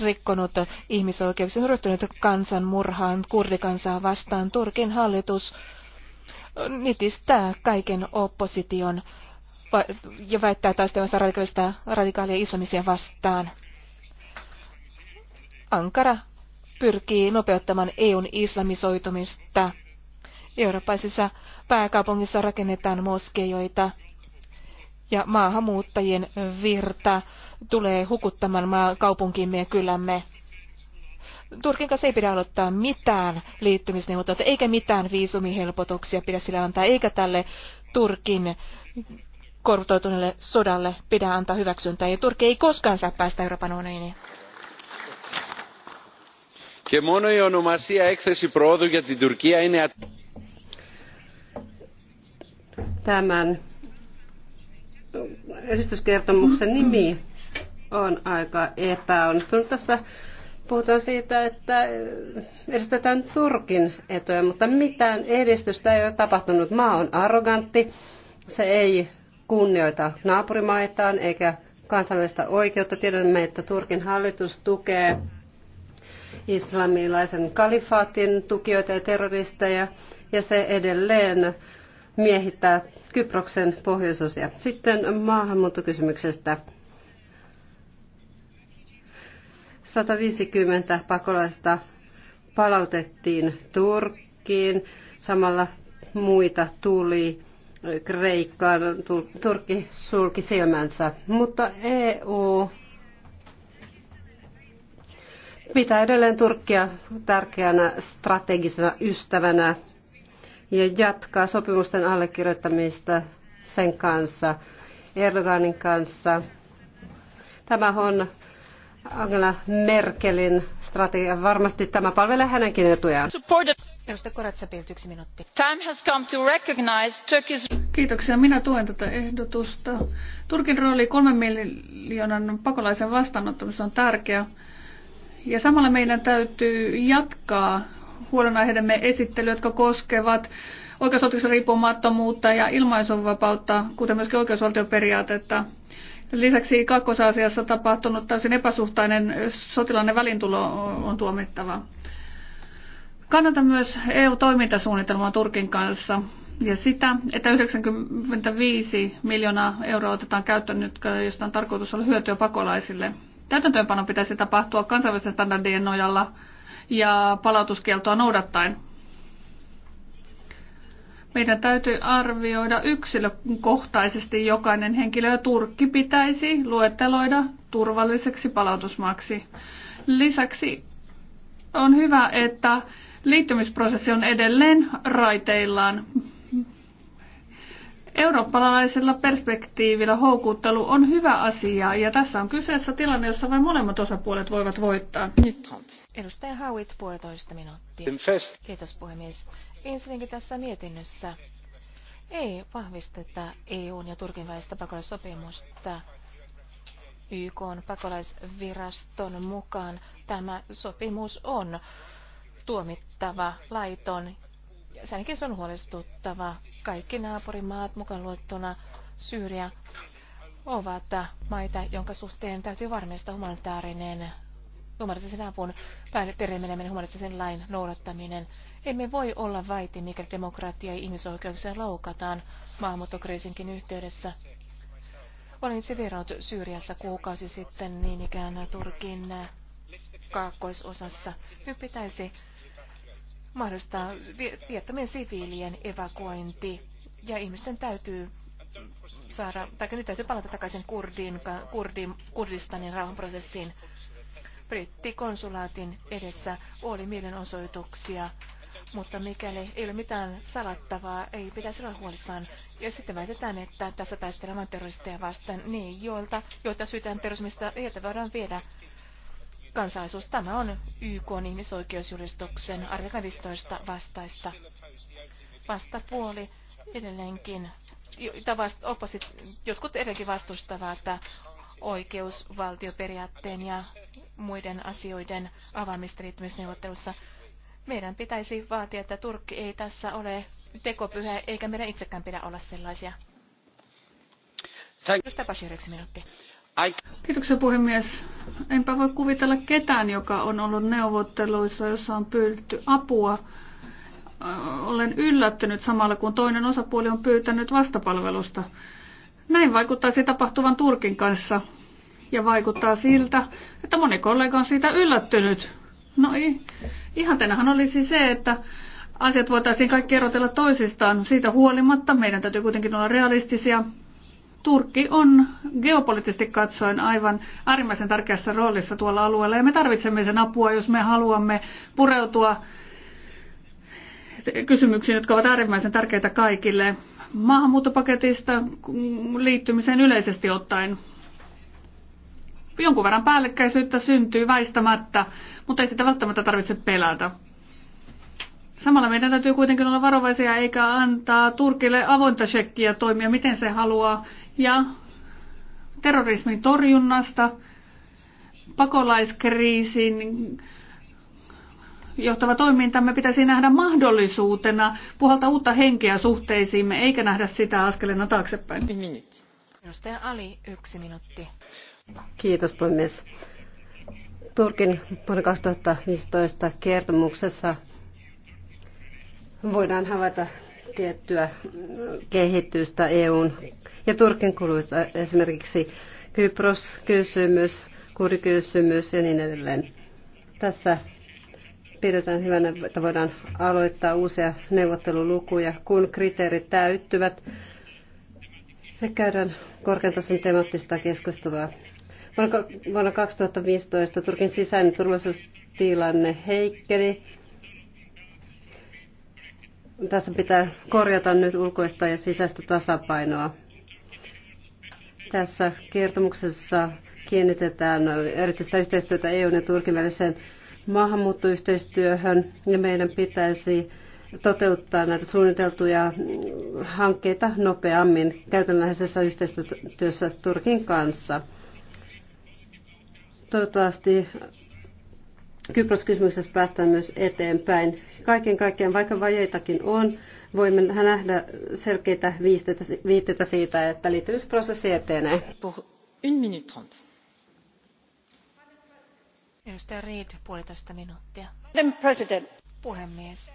rikkonut ihmisoikeuksia, ryhtynyt kansanmurhaan kurdikansaa vastaan. Turkin hallitus nitistää kaiken opposition ja väittää taistelemassa radikaalista, radikaalia islamisia vastaan. Ankara pyrkii nopeuttamaan EUn islamisoitumista Eurooppaisessa pääkaupungissa rakennetaan moskeijoita ja maahanmuuttajien virta tulee hukuttamaan maa kaupunkimme ja kylämme. Turkin kanssa ei pidä aloittaa mitään liittymisneuvotteluita eikä mitään viisumihelpotuksia pidä sillä antaa, eikä tälle Turkin korruptoituneelle sodalle pidä antaa hyväksyntää. Ja Turkki ei koskaan saa päästä Euroopan unioniin. Και μόνο η ονομασία έκθεση πρόοδου για την Τουρκία είναι Tämän esityskertomuksen nimi on aika epäonnistunut. Tässä puhutaan siitä, että edistetään Turkin etuja, mutta mitään edistystä ei ole tapahtunut. Maa on arrogantti, se ei kunnioita naapurimaitaan eikä kansallista oikeutta. Tiedämme, että Turkin hallitus tukee islamilaisen kalifaatin tukijoita ja terroristeja, ja se edelleen miehittää Kyproksen pohjoisosia. Sitten maahanmuuttokysymyksestä. 150 pakolaista palautettiin Turkkiin, samalla muita tuli Kreikkaan, Turkki sulki silmänsä, mutta EU pitää edelleen Turkkia tärkeänä strategisena ystävänä ja jatkaa sopimusten allekirjoittamista sen kanssa, Erdoganin kanssa. Tämä on Angela Merkelin strategia. Varmasti tämä palvelee hänenkin etujaan. Time has come to recognize Turkey's... Kiitoksia. Minä tuen tätä ehdotusta. Turkin rooli kolmen miljoonan pakolaisen vastaanottamisessa on tärkeä. Ja samalla meidän täytyy jatkaa huolenaiheidemme esittely, jotka koskevat oikeusoikeuden riippumattomuutta ja ilmaisunvapautta, kuten myöskin oikeusvaltioperiaatetta. Lisäksi kakkosasiassa tapahtunut täysin epäsuhtainen sotilainen välintulo on tuomittava. Kannatan myös EU-toimintasuunnitelmaa Turkin kanssa ja sitä, että 95 miljoonaa euroa otetaan käyttöön nyt, josta on tarkoitus olla hyötyä pakolaisille. Täytäntöönpano pitäisi tapahtua kansainvälisten standardien nojalla ja palautuskieltoa noudattaen. Meidän täytyy arvioida yksilökohtaisesti jokainen henkilö ja Turkki pitäisi luetteloida turvalliseksi palautusmaaksi. Lisäksi on hyvä, että liittymisprosessi on edelleen raiteillaan. Eurooppalaisella perspektiivillä houkuttelu on hyvä asia ja tässä on kyseessä tilanne, jossa vain molemmat osapuolet voivat voittaa. Nyt. Edustaja Hauit, puolitoista minuuttia. Infest. Kiitos puhemies. Ensinnäkin tässä mietinnössä ei vahvisteta EUn ja Turkin välistä pakolaissopimusta. YK pakolaisviraston mukaan tämä sopimus on tuomittava laiton ainakin se on huolestuttava. Kaikki naapurimaat, mukaan luettuna Syyriä ovat maita, jonka suhteen täytyy varmistaa humanitaarinen humanitaarisen avun perhemeneminen, humanitaarisen lain noudattaminen. Emme voi olla vaiti, mikä demokratia ja ihmisoikeuksia laukataan maahanmuuttokriisinkin yhteydessä. Olin itse vieraillut Syyriassa kuukausi sitten niin ikään Turkin kaakkoisosassa. Nyt pitäisi mahdollistaa viettämien siviilien evakuointi ja ihmisten täytyy saada, tai nyt täytyy palata takaisin Kurdin, Kurdin, Kurdistanin rauhanprosessiin. Brittikonsulaatin edessä oli mielenosoituksia, mutta mikäli ei ole mitään salattavaa, ei pitäisi olla huolissaan. Ja sitten väitetään, että tässä taistelemaan terroristeja vastaan niin, joilta, joita syytään terrorismista, joita voidaan viedä kansalaisuus. Tämä on YK ihmisoikeusjulistuksen artikla 15 vastaista vastapuoli edelleenkin. Vast, jotkut edelleenkin vastustavat oikeusvaltioperiaatteen ja muiden asioiden avaamista liittymisneuvottelussa. Meidän pitäisi vaatia, että Turkki ei tässä ole tekopyhä, eikä meidän itsekään pidä olla sellaisia. Thank- Kiitoksia puhemies. Enpä voi kuvitella ketään, joka on ollut neuvotteluissa, jossa on pyydetty apua. Olen yllättynyt samalla, kun toinen osapuoli on pyytänyt vastapalvelusta. Näin vaikuttaisi tapahtuvan Turkin kanssa. Ja vaikuttaa siltä, että moni kollega on siitä yllättynyt. No ei. Ihantenahan olisi se, että asiat voitaisiin kaikki erotella toisistaan. Siitä huolimatta meidän täytyy kuitenkin olla realistisia Turkki on geopoliittisesti katsoen aivan äärimmäisen tärkeässä roolissa tuolla alueella ja me tarvitsemme sen apua, jos me haluamme pureutua kysymyksiin, jotka ovat äärimmäisen tärkeitä kaikille maahanmuuttopaketista liittymiseen yleisesti ottaen. Jonkun verran päällekkäisyyttä syntyy väistämättä, mutta ei sitä välttämättä tarvitse pelätä. Samalla meidän täytyy kuitenkin olla varovaisia eikä antaa Turkille avointa shekkiä toimia miten se haluaa. Ja terrorismin torjunnasta, pakolaiskriisin johtava toiminta me pitäisi nähdä mahdollisuutena puhalta uutta henkeä suhteisiimme, eikä nähdä sitä askelena taaksepäin. Edustaja Ali, yksi minuutti. Kiitos puhemies. Turkin vuonna 2015 kertomuksessa voidaan havaita tiettyä kehitystä EUn ja Turkin kuluissa, esimerkiksi Kypros-kysymys, kurikysymys ja niin edelleen. Tässä pidetään hyvänä, että voidaan aloittaa uusia neuvottelulukuja, kun kriteerit täyttyvät ja käydään korkeantason temaattista keskustelua. Vuonna 2015 Turkin sisäinen turvallisuustilanne heikkeni tässä pitää korjata nyt ulkoista ja sisäistä tasapainoa. Tässä kertomuksessa kiinnitetään erityistä yhteistyötä EUn ja Turkin väliseen maahanmuuttoyhteistyöhön ja meidän pitäisi toteuttaa näitä suunniteltuja hankkeita nopeammin käytännössä yhteistyössä Turkin kanssa. Toivottavasti Kypros-kysymyksessä päästään myös eteenpäin. Kaiken kaikkiaan, vaikka vajeitakin on, voimme nähdä selkeitä viitteitä siitä, että liittymisprosessi etenee. Edustaja Reid, puolitoista minuuttia. President. Puhemies,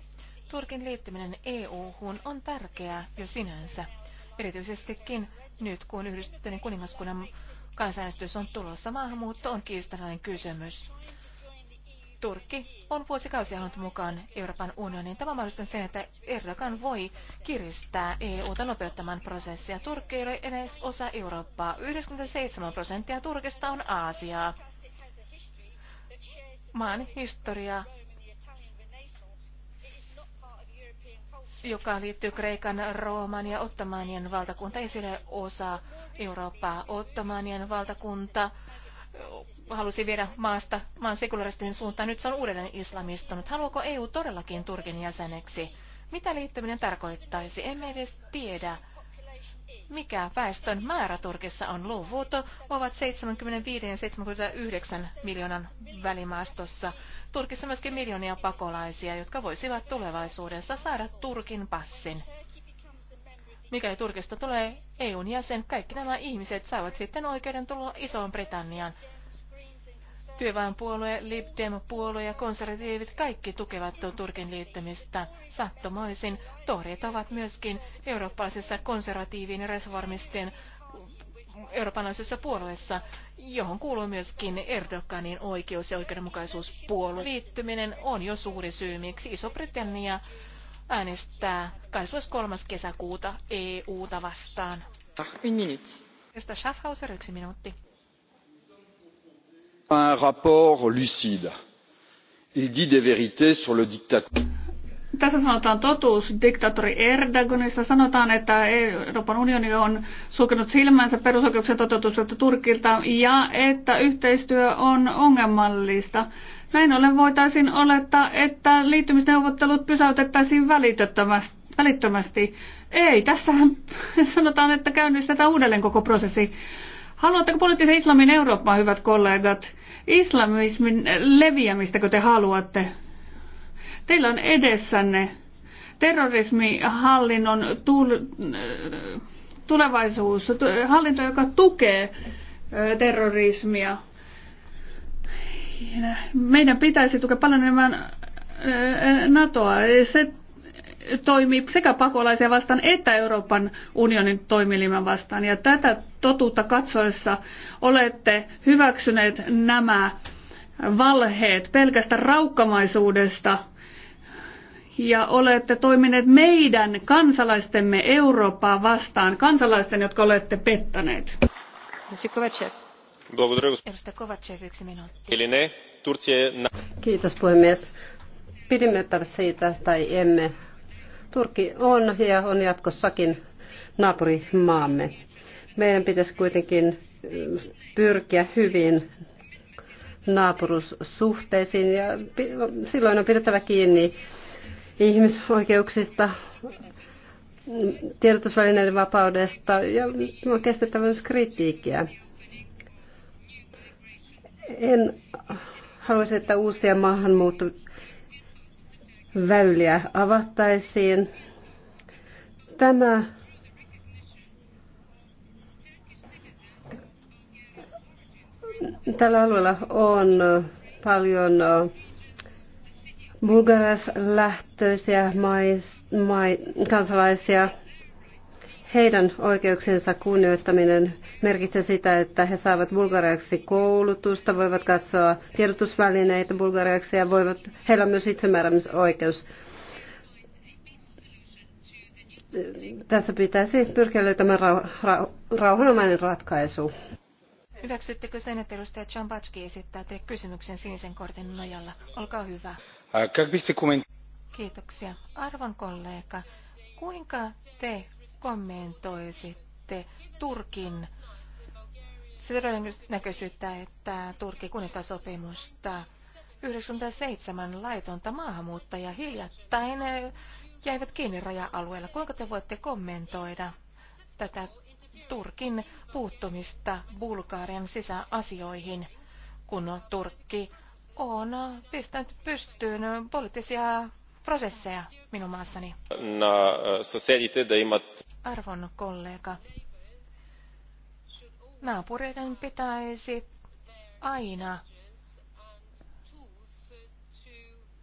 Turkin liittyminen EU-hun on tärkeää jo sinänsä, erityisestikin nyt kun yhdistyneen kuningaskunnan kansanäänestys on tulossa. Maahanmuutto on kiistanainen kysymys. Turkki on vuosikausia halunnut mukaan Euroopan unioniin. Tämä mahdollistaa sen, että Erdogan voi kiristää EUta nopeuttamaan prosessia. Turkki ei ole edes osa Eurooppaa. 97 prosenttia Turkista on Aasiaa. Maan historia, joka liittyy Kreikan, Rooman ja Ottomaanien valtakunta, ei sille osa Eurooppaa. Ottomaanien valtakunta halusi viedä maasta maan sekularistiseen suuntaan. Nyt se on uudelleen islamistunut. Haluaako EU todellakin Turkin jäseneksi? Mitä liittyminen tarkoittaisi? Emme edes tiedä. Mikä väestön määrä Turkissa on? Luvut ovat 75 ja 79 miljoonan välimaastossa. Turkissa myöskin miljoonia pakolaisia, jotka voisivat tulevaisuudessa saada Turkin passin. Mikäli Turkista tulee EUn jäsen, kaikki nämä ihmiset saavat sitten oikeuden tulla Isoon Britanniaan. Työväenpuolue, Lib Dem-puolue ja konservatiivit kaikki tukevat Turkin liittymistä. Sattumoisin tohreet ovat myöskin eurooppalaisessa konservatiivien reformistien eurooppalaisessa puolueessa, johon kuuluu myöskin Erdoganin oikeus- ja oikeudenmukaisuuspuolue. Liittyminen on jo suuri syy, miksi Iso-Britannia äänestää 23. kesäkuuta EU-ta vastaan. Yksi minuutti. Schaffhauser, yksi minuutti un rapport lucide. Il dit des vérités sur le dictateur. Tässä sanotaan totuus diktaattori Erdoganista. Sanotaan, että Euroopan unioni on sulkenut silmänsä perusoikeuksien toteutukselta Turkilta ja että yhteistyö on ongelmallista. Näin ollen voitaisiin olettaa, että liittymisneuvottelut pysäytettäisiin välittömästi. Ei, tässähän sanotaan, että käynnistetään uudelleen koko prosessi. Haluatteko poliittisen islamin Eurooppaan, hyvät kollegat? Islamismin leviämistäkö te haluatte? Teillä on edessänne terrorismihallinnon tulevaisuus, hallinto, joka tukee terrorismia. Meidän pitäisi tukea paljon enemmän NATOa. Se toimii sekä pakolaisia vastaan että Euroopan unionin toimilimän vastaan. Ja tätä totuutta katsoessa olette hyväksyneet nämä valheet pelkästä raukkamaisuudesta ja olette toimineet meidän kansalaistemme Eurooppaa vastaan, kansalaisten, jotka olette pettäneet. Kiitos puhemies. Pidimme siitä tai emme Turkki on ja on jatkossakin naapurimaamme. Meidän pitäisi kuitenkin pyrkiä hyvin naapurussuhteisiin ja silloin on pidettävä kiinni ihmisoikeuksista, tiedotusvälineiden vapaudesta ja on kestettävä myös kritiikkiä. En haluaisi, että uusia maahanmuutto väyliä avattaisiin. Tämä Tällä alueella on paljon bulgaras lähtöisiä mais, mai, kansalaisia, heidän oikeuksiensa kunnioittaminen merkitsee sitä, että he saavat bulgariaksi koulutusta, voivat katsoa tiedotusvälineitä bulgariaksi ja voivat, heillä on myös itsemääräämisoikeus. Tässä pitäisi pyrkiä löytämään rau, rau, rauhanomainen ratkaisu. Hyväksyttekö sen, että edustaja Chambatski esittää teille kysymyksen sinisen kortin nojalla? Olkaa hyvä. Äh, Kiitoksia. Arvon kollega, kuinka te kommentoisitte Turkin sitä todennäköisyyttä, että Turkki kunnittaa sopimusta 97 laitonta maahanmuuttajaa hiljattain jäivät kiinni raja-alueella. Kuinka te voitte kommentoida tätä Turkin puuttumista Bulgarian sisäasioihin, kun Turkki on pistänyt pystyyn poliittisia prosesseja minun maassani. E, Arvon kollega, naapureiden pitäisi aina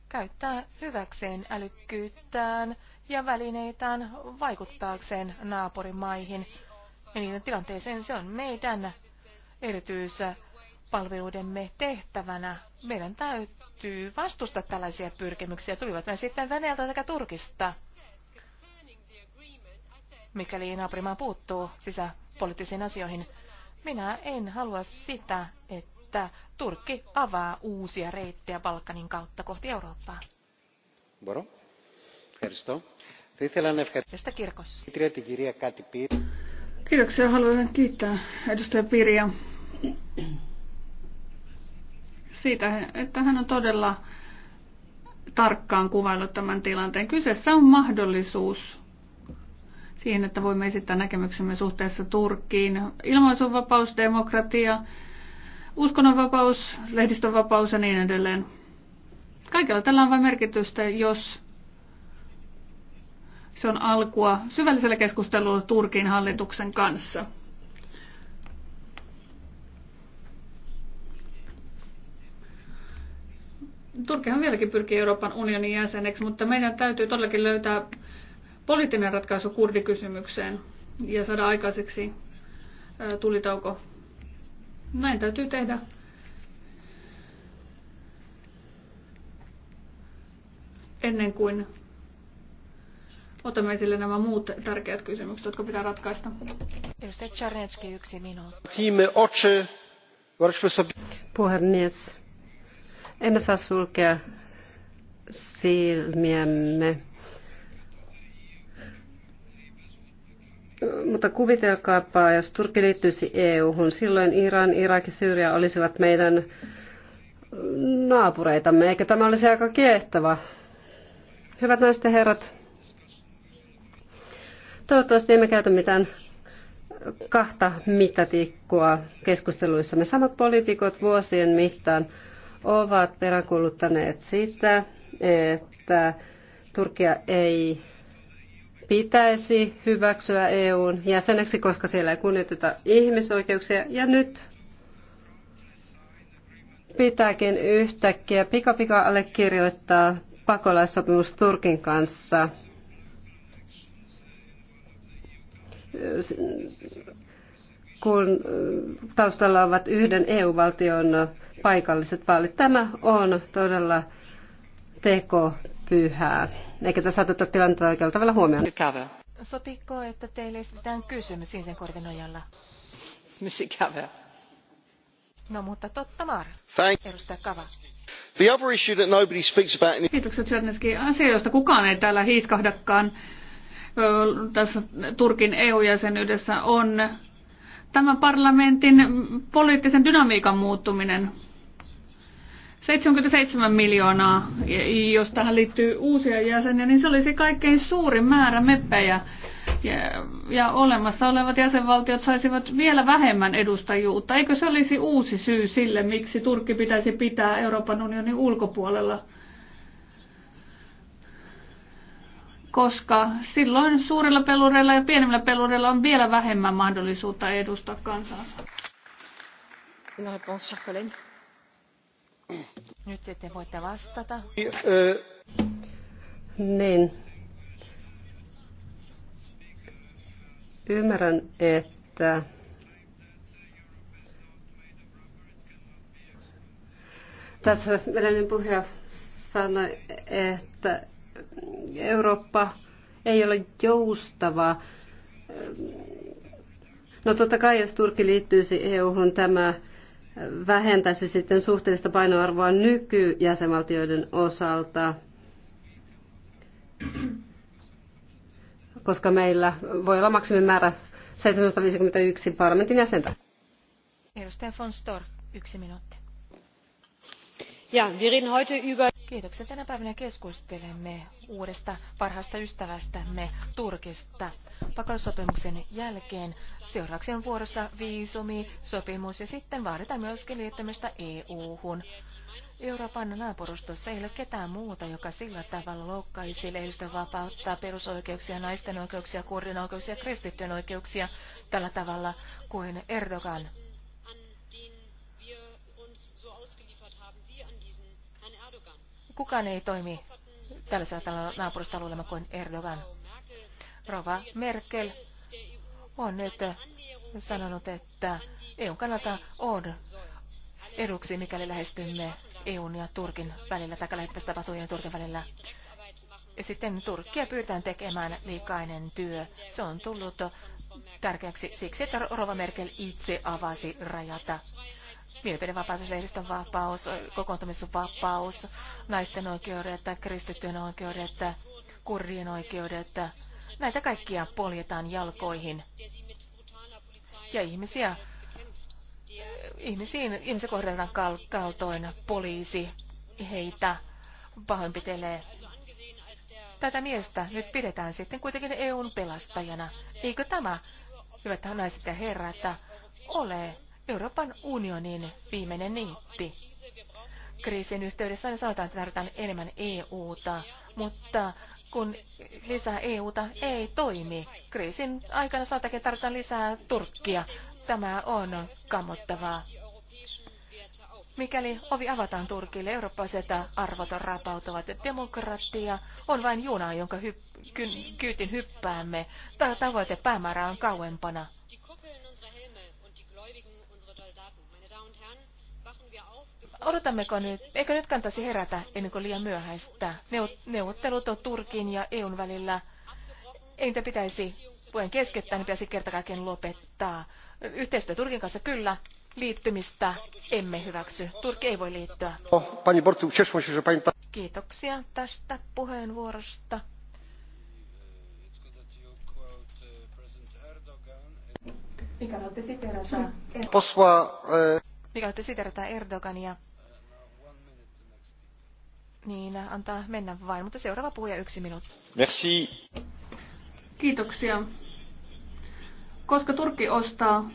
käyttää hyväkseen älykkyyttään ja välineitään vaikuttaakseen naapurimaihin ja niiden tilanteeseen. Se on meidän erityispalveluidemme tehtävänä. Meidän täytyy täytyy vastustaa tällaisia pyrkimyksiä, tulivat ne sitten Venäjältä tai Turkista, mikäli naapurimaa puuttuu sisäpoliittisiin asioihin. Minä en halua sitä, että Turkki avaa uusia reittejä Balkanin kautta kohti Eurooppaa. Boro. Ευχαριστώ. Θα ήθελα Kiitoksia. Haluaisin kiittää edustaja Pirja siitä, että hän on todella tarkkaan kuvaillut tämän tilanteen. Kyseessä on mahdollisuus siihen, että voimme esittää näkemyksemme suhteessa Turkkiin. Ilmaisunvapaus, demokratia, uskonnonvapaus, lehdistönvapaus ja niin edelleen. Kaikella tällä on vain merkitystä, jos se on alkua syvällisellä keskustelulla Turkin hallituksen kanssa. Turkihan vieläkin pyrkii Euroopan unionin jäseneksi, mutta meidän täytyy todellakin löytää poliittinen ratkaisu kurdikysymykseen ja saada aikaiseksi tulitauko. Näin täytyy tehdä. Ennen kuin otamme esille nämä muut tärkeät kysymykset, jotka pitää ratkaista. Edustaja Czarnecki, yksi minuutti. Puhemies, emme saa sulkea silmiämme. Mutta kuvitelkaapa, jos Turkki liittyisi EU-hun, silloin Iran, Irak ja Syyria olisivat meidän naapureitamme, eikö tämä olisi aika kiehtova? Hyvät naiset ja herrat, toivottavasti emme käytä mitään kahta mittatikkua keskusteluissamme. Samat poliitikot vuosien mittaan ovat peräkuluttaneet sitä, että Turkia ei pitäisi hyväksyä EUn jäseneksi, koska siellä ei kunnioiteta ihmisoikeuksia. Ja nyt pitääkin yhtäkkiä pikapika allekirjoittaa pakolaissopimus Turkin kanssa. Kun taustalla ovat yhden EU-valtion paikalliset vaalit. Tämä on todella teko pyhää, eikä tässä oteta tilannetta oikealla tavalla huomioon. Sopiiko, että teille esitetään kysymys sinisen kortin ojalla? No mutta totta Mar. Thank Edustaja Kava. The other issue that nobody speaks about... Kiitokset Czerneski. Asia, josta kukaan ei täällä hiiskahdakaan tässä Turkin EU-jäsenyydessä on tämän parlamentin poliittisen dynamiikan muuttuminen. 77 miljoonaa, jos tähän liittyy uusia jäseniä, niin se olisi kaikkein suurin määrä meppejä. Ja, ja olemassa olevat jäsenvaltiot saisivat vielä vähemmän edustajuutta. Eikö se olisi uusi syy sille, miksi Turkki pitäisi pitää Euroopan unionin ulkopuolella? Koska silloin suurilla pelureilla ja pienemmillä pelureilla on vielä vähemmän mahdollisuutta edustaa kansaa. Une réponse, nyt sitten voitte vastata. Niin. Ymmärrän, että tässä edellinen puhuja sanoi, että Eurooppa ei ole joustava. No totta kai, jos Turkki liittyisi EU-hun, tämä vähentäisi sitten suhteellista painoarvoa nykyjäsenvaltioiden osalta, koska meillä voi olla maksimimäärä 751 parlamentin jäsentä. Edustaja von stor yksi minuutti. Tänä päivänä keskustelemme uudesta parhaasta ystävästämme Turkista. pakolaissopimuksen jälkeen seuraavaksi on vuorossa viisumisopimus sopimus ja sitten vaaditaan myöskin liittymistä EU-hun. Euroopan naapurustossa ei ole ketään muuta, joka sillä tavalla loukkaisi lehdistön vapautta, perusoikeuksia, naisten oikeuksia, kurdin oikeuksia ja kristittyjen oikeuksia tällä tavalla kuin Erdogan. Kukaan ei toimi tällaisella naapurustalueella kuin Erdogan. Rova Merkel on nyt sanonut, että EUn kannalta on eduksi, mikäli lähestymme EUn ja Turkin välillä, tai lähettävästä tapahtuu ja Turkin välillä. Ja sitten Turkkia pyritään tekemään liikainen työ. Se on tullut tärkeäksi siksi, että Rova Merkel itse avasi rajata mielipidevapaus, lehdistön vapaus, vapaus, naisten oikeudet, kristittyjen oikeudet, kurrien oikeudet. Näitä kaikkia poljetaan jalkoihin. Ja ihmisiä, ihmisiin, ihmisiä kohdellaan kal- kaltoin. Poliisi heitä pahoinpitelee. Tätä miestä nyt pidetään sitten kuitenkin EUn pelastajana. Eikö tämä, hyvät naiset ja herrat, ole Euroopan unionin viimeinen niitti. Kriisin yhteydessä aina sanotaan, että tarvitaan enemmän EUta, mutta kun lisää EUta ei toimi. Kriisin aikana sanotaan, että tarvitaan lisää Turkkia. Tämä on kammottavaa. Mikäli ovi avataan Turkille, eurooppalaiset arvot rapautuvat. Demokratia on vain juna, jonka hy- ky- kyytin hyppäämme. Tämä tavoite päämäärä on kauempana. Odotammeko nyt, eikö nyt kantaisi herätä ennen kuin liian myöhäistä? Neuvottelut on Turkin ja EUn välillä. Ei niitä pitäisi puheen keskittää, niin pitäisi kerta kaiken lopettaa. Yhteistyö Turkin kanssa kyllä, liittymistä emme hyväksy. Turkki ei voi liittyä. No, Kiitoksia tästä puheenvuorosta. Mikä olette siterata e- Erdogania? Niin, antaa mennä vain, mutta seuraava puhuja yksi minuutti. Merci. Kiitoksia. Koska Turkki ostaa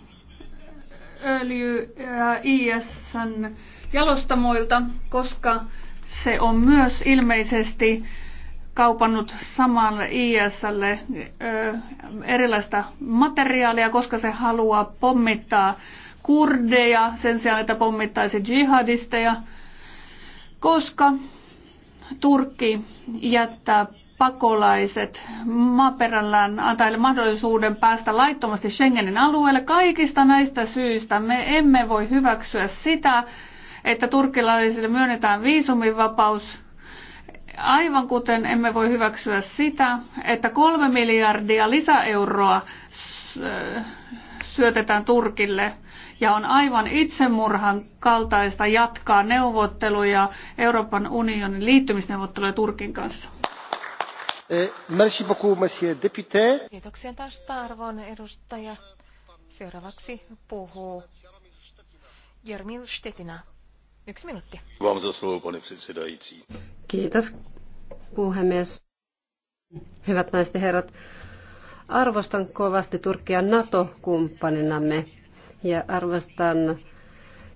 öljy ISN jalostamoilta, koska se on myös ilmeisesti kaupannut samalle ISlle ö, erilaista materiaalia, koska se haluaa pommittaa kurdeja sen sijaan, että pommittaisi jihadisteja, koska Turkki jättää pakolaiset maaperällään antaa mahdollisuuden päästä laittomasti Schengenin alueelle. Kaikista näistä syistä me emme voi hyväksyä sitä, että turkkilaisille myönnetään viisumivapaus. Aivan kuten emme voi hyväksyä sitä, että kolme miljardia lisäeuroa syötetään Turkille – ja on aivan itsemurhan kaltaista jatkaa neuvotteluja Euroopan unionin liittymisneuvotteluja Turkin kanssa. E, merci beaucoup, monsieur Kiitoksia tästä arvon edustaja. Seuraavaksi puhuu Jermil Štetina. Yksi minuutti. Vám za Kiitos, puhemies. Hyvät naiset ja herrat, arvostan kovasti Turkia NATO-kumppaninamme ja arvostan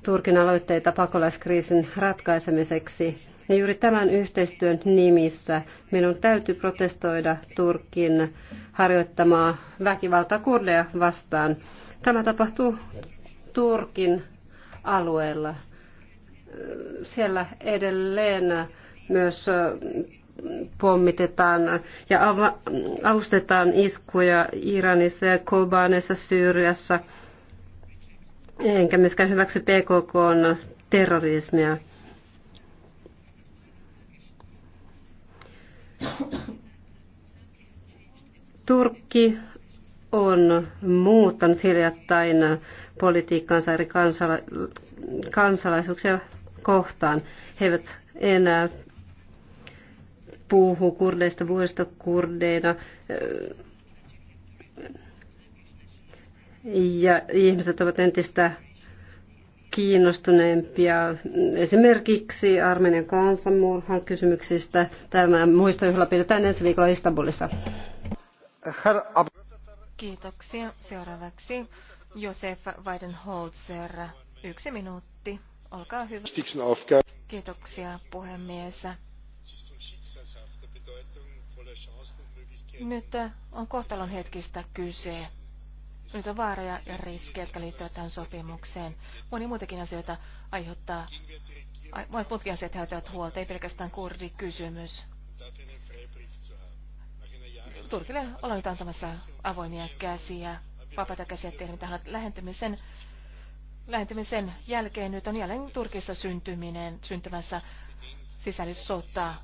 Turkin aloitteita pakolaiskriisin ratkaisemiseksi. Ja juuri tämän yhteistyön nimissä minun täytyy protestoida Turkin harjoittamaa väkivaltaa kurdeja vastaan. Tämä tapahtuu Turkin alueella. Siellä edelleen myös pommitetaan ja avustetaan iskuja Iranissa ja Kobanessa, Syyriassa – enkä myöskään hyväksy PKK on terrorismia. Turkki on muuttanut hiljattain politiikkaansa eri kansala- kansalaisuuksia kohtaan. He eivät enää puhu kurdeista vuoristokurdeina ja ihmiset ovat entistä kiinnostuneempia esimerkiksi Armenian kansanmurhan kysymyksistä. Tämä muistojuhla pidetään ensi viikolla Istanbulissa. Kiitoksia. Seuraavaksi Josef Weidenholzer. Yksi minuutti. Olkaa hyvä. Kiitoksia puhemies. Nyt äh, on kohtalon hetkistä kyse. Nyt on vaaroja ja riskejä, jotka liittyvät tähän sopimukseen. Moni muitakin asioita aiheuttaa, monet muutkin asiat aiheuttavat huolta, ei pelkästään kurdikysymys. Turkille ollaan nyt antamassa avoimia käsiä, vapaita käsiä tehdä mitä lähentymisen lähentymisen jälkeen nyt on jälleen Turkissa syntyminen, syntymässä sisällissotaa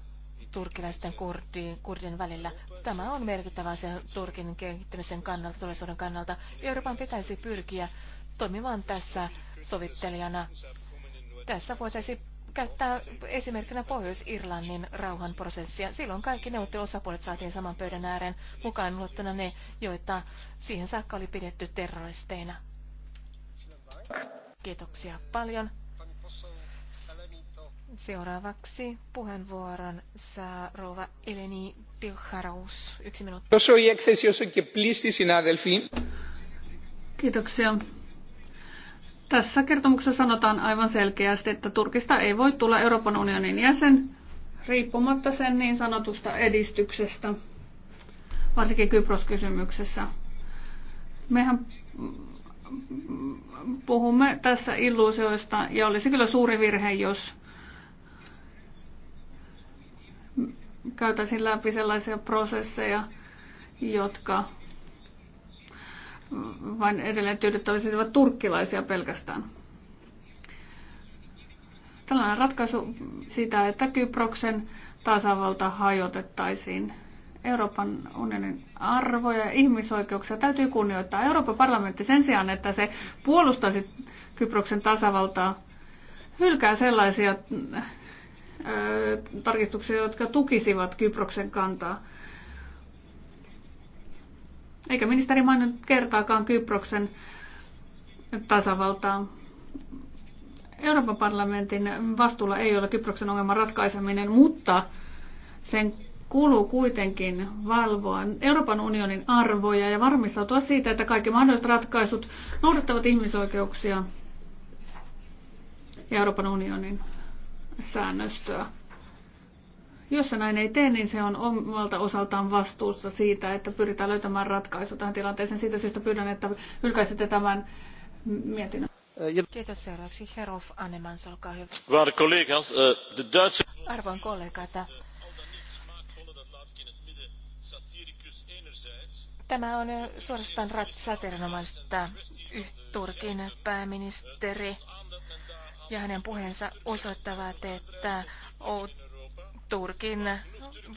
turkilaisten kurdien, kurdien välillä. Tämä on merkittävä asia Turkin kehittymisen kannalta, tulevaisuuden kannalta. Euroopan pitäisi pyrkiä toimimaan tässä sovittelijana. Tässä voitaisiin käyttää esimerkkinä Pohjois-Irlannin rauhanprosessia. Silloin kaikki neuvotteluosapuolet saatiin saman pöydän ääreen, mukaan luottuna ne, joita siihen saakka oli pidetty terroristeina. Kiitoksia paljon. Seuraavaksi puheenvuoron saa rouva Eleni Pilharous. Yksi minuutti. Kiitoksia. Tässä kertomuksessa sanotaan aivan selkeästi, että Turkista ei voi tulla Euroopan unionin jäsen riippumatta sen niin sanotusta edistyksestä, varsinkin Kypros-kysymyksessä. Mehän puhumme tässä illuusioista ja olisi kyllä suuri virhe, jos käytäisin läpi sellaisia prosesseja, jotka vain edelleen ovat turkkilaisia pelkästään. Tällainen ratkaisu sitä, että Kyproksen tasavalta hajotettaisiin. Euroopan unionin arvoja ja ihmisoikeuksia täytyy kunnioittaa. Euroopan parlamentti sen sijaan, että se puolustaisi Kyproksen tasavaltaa, hylkää sellaisia tarkistuksia, jotka tukisivat Kyproksen kantaa. Eikä ministeri maininnut kertaakaan Kyproksen tasavaltaa. Euroopan parlamentin vastuulla ei ole Kyproksen ongelman ratkaiseminen, mutta sen kuuluu kuitenkin valvoa Euroopan unionin arvoja ja varmistautua siitä, että kaikki mahdolliset ratkaisut noudattavat ihmisoikeuksia ja Euroopan unionin säännöstöä. Jos se näin ei tee, niin se on omalta osaltaan vastuussa siitä, että pyritään löytämään ratkaisu tähän tilanteeseen. Siitä syystä pyydän, että hylkäisitte tämän mietinnön. Kiitos seuraavaksi. Herolf Annemans, olkaa hyvä. Eh, Arvon kollegat, Tämä on suorastaan ratsaterinomaista Turkin pääministeri ja hänen puheensa osoittavat, että Turkin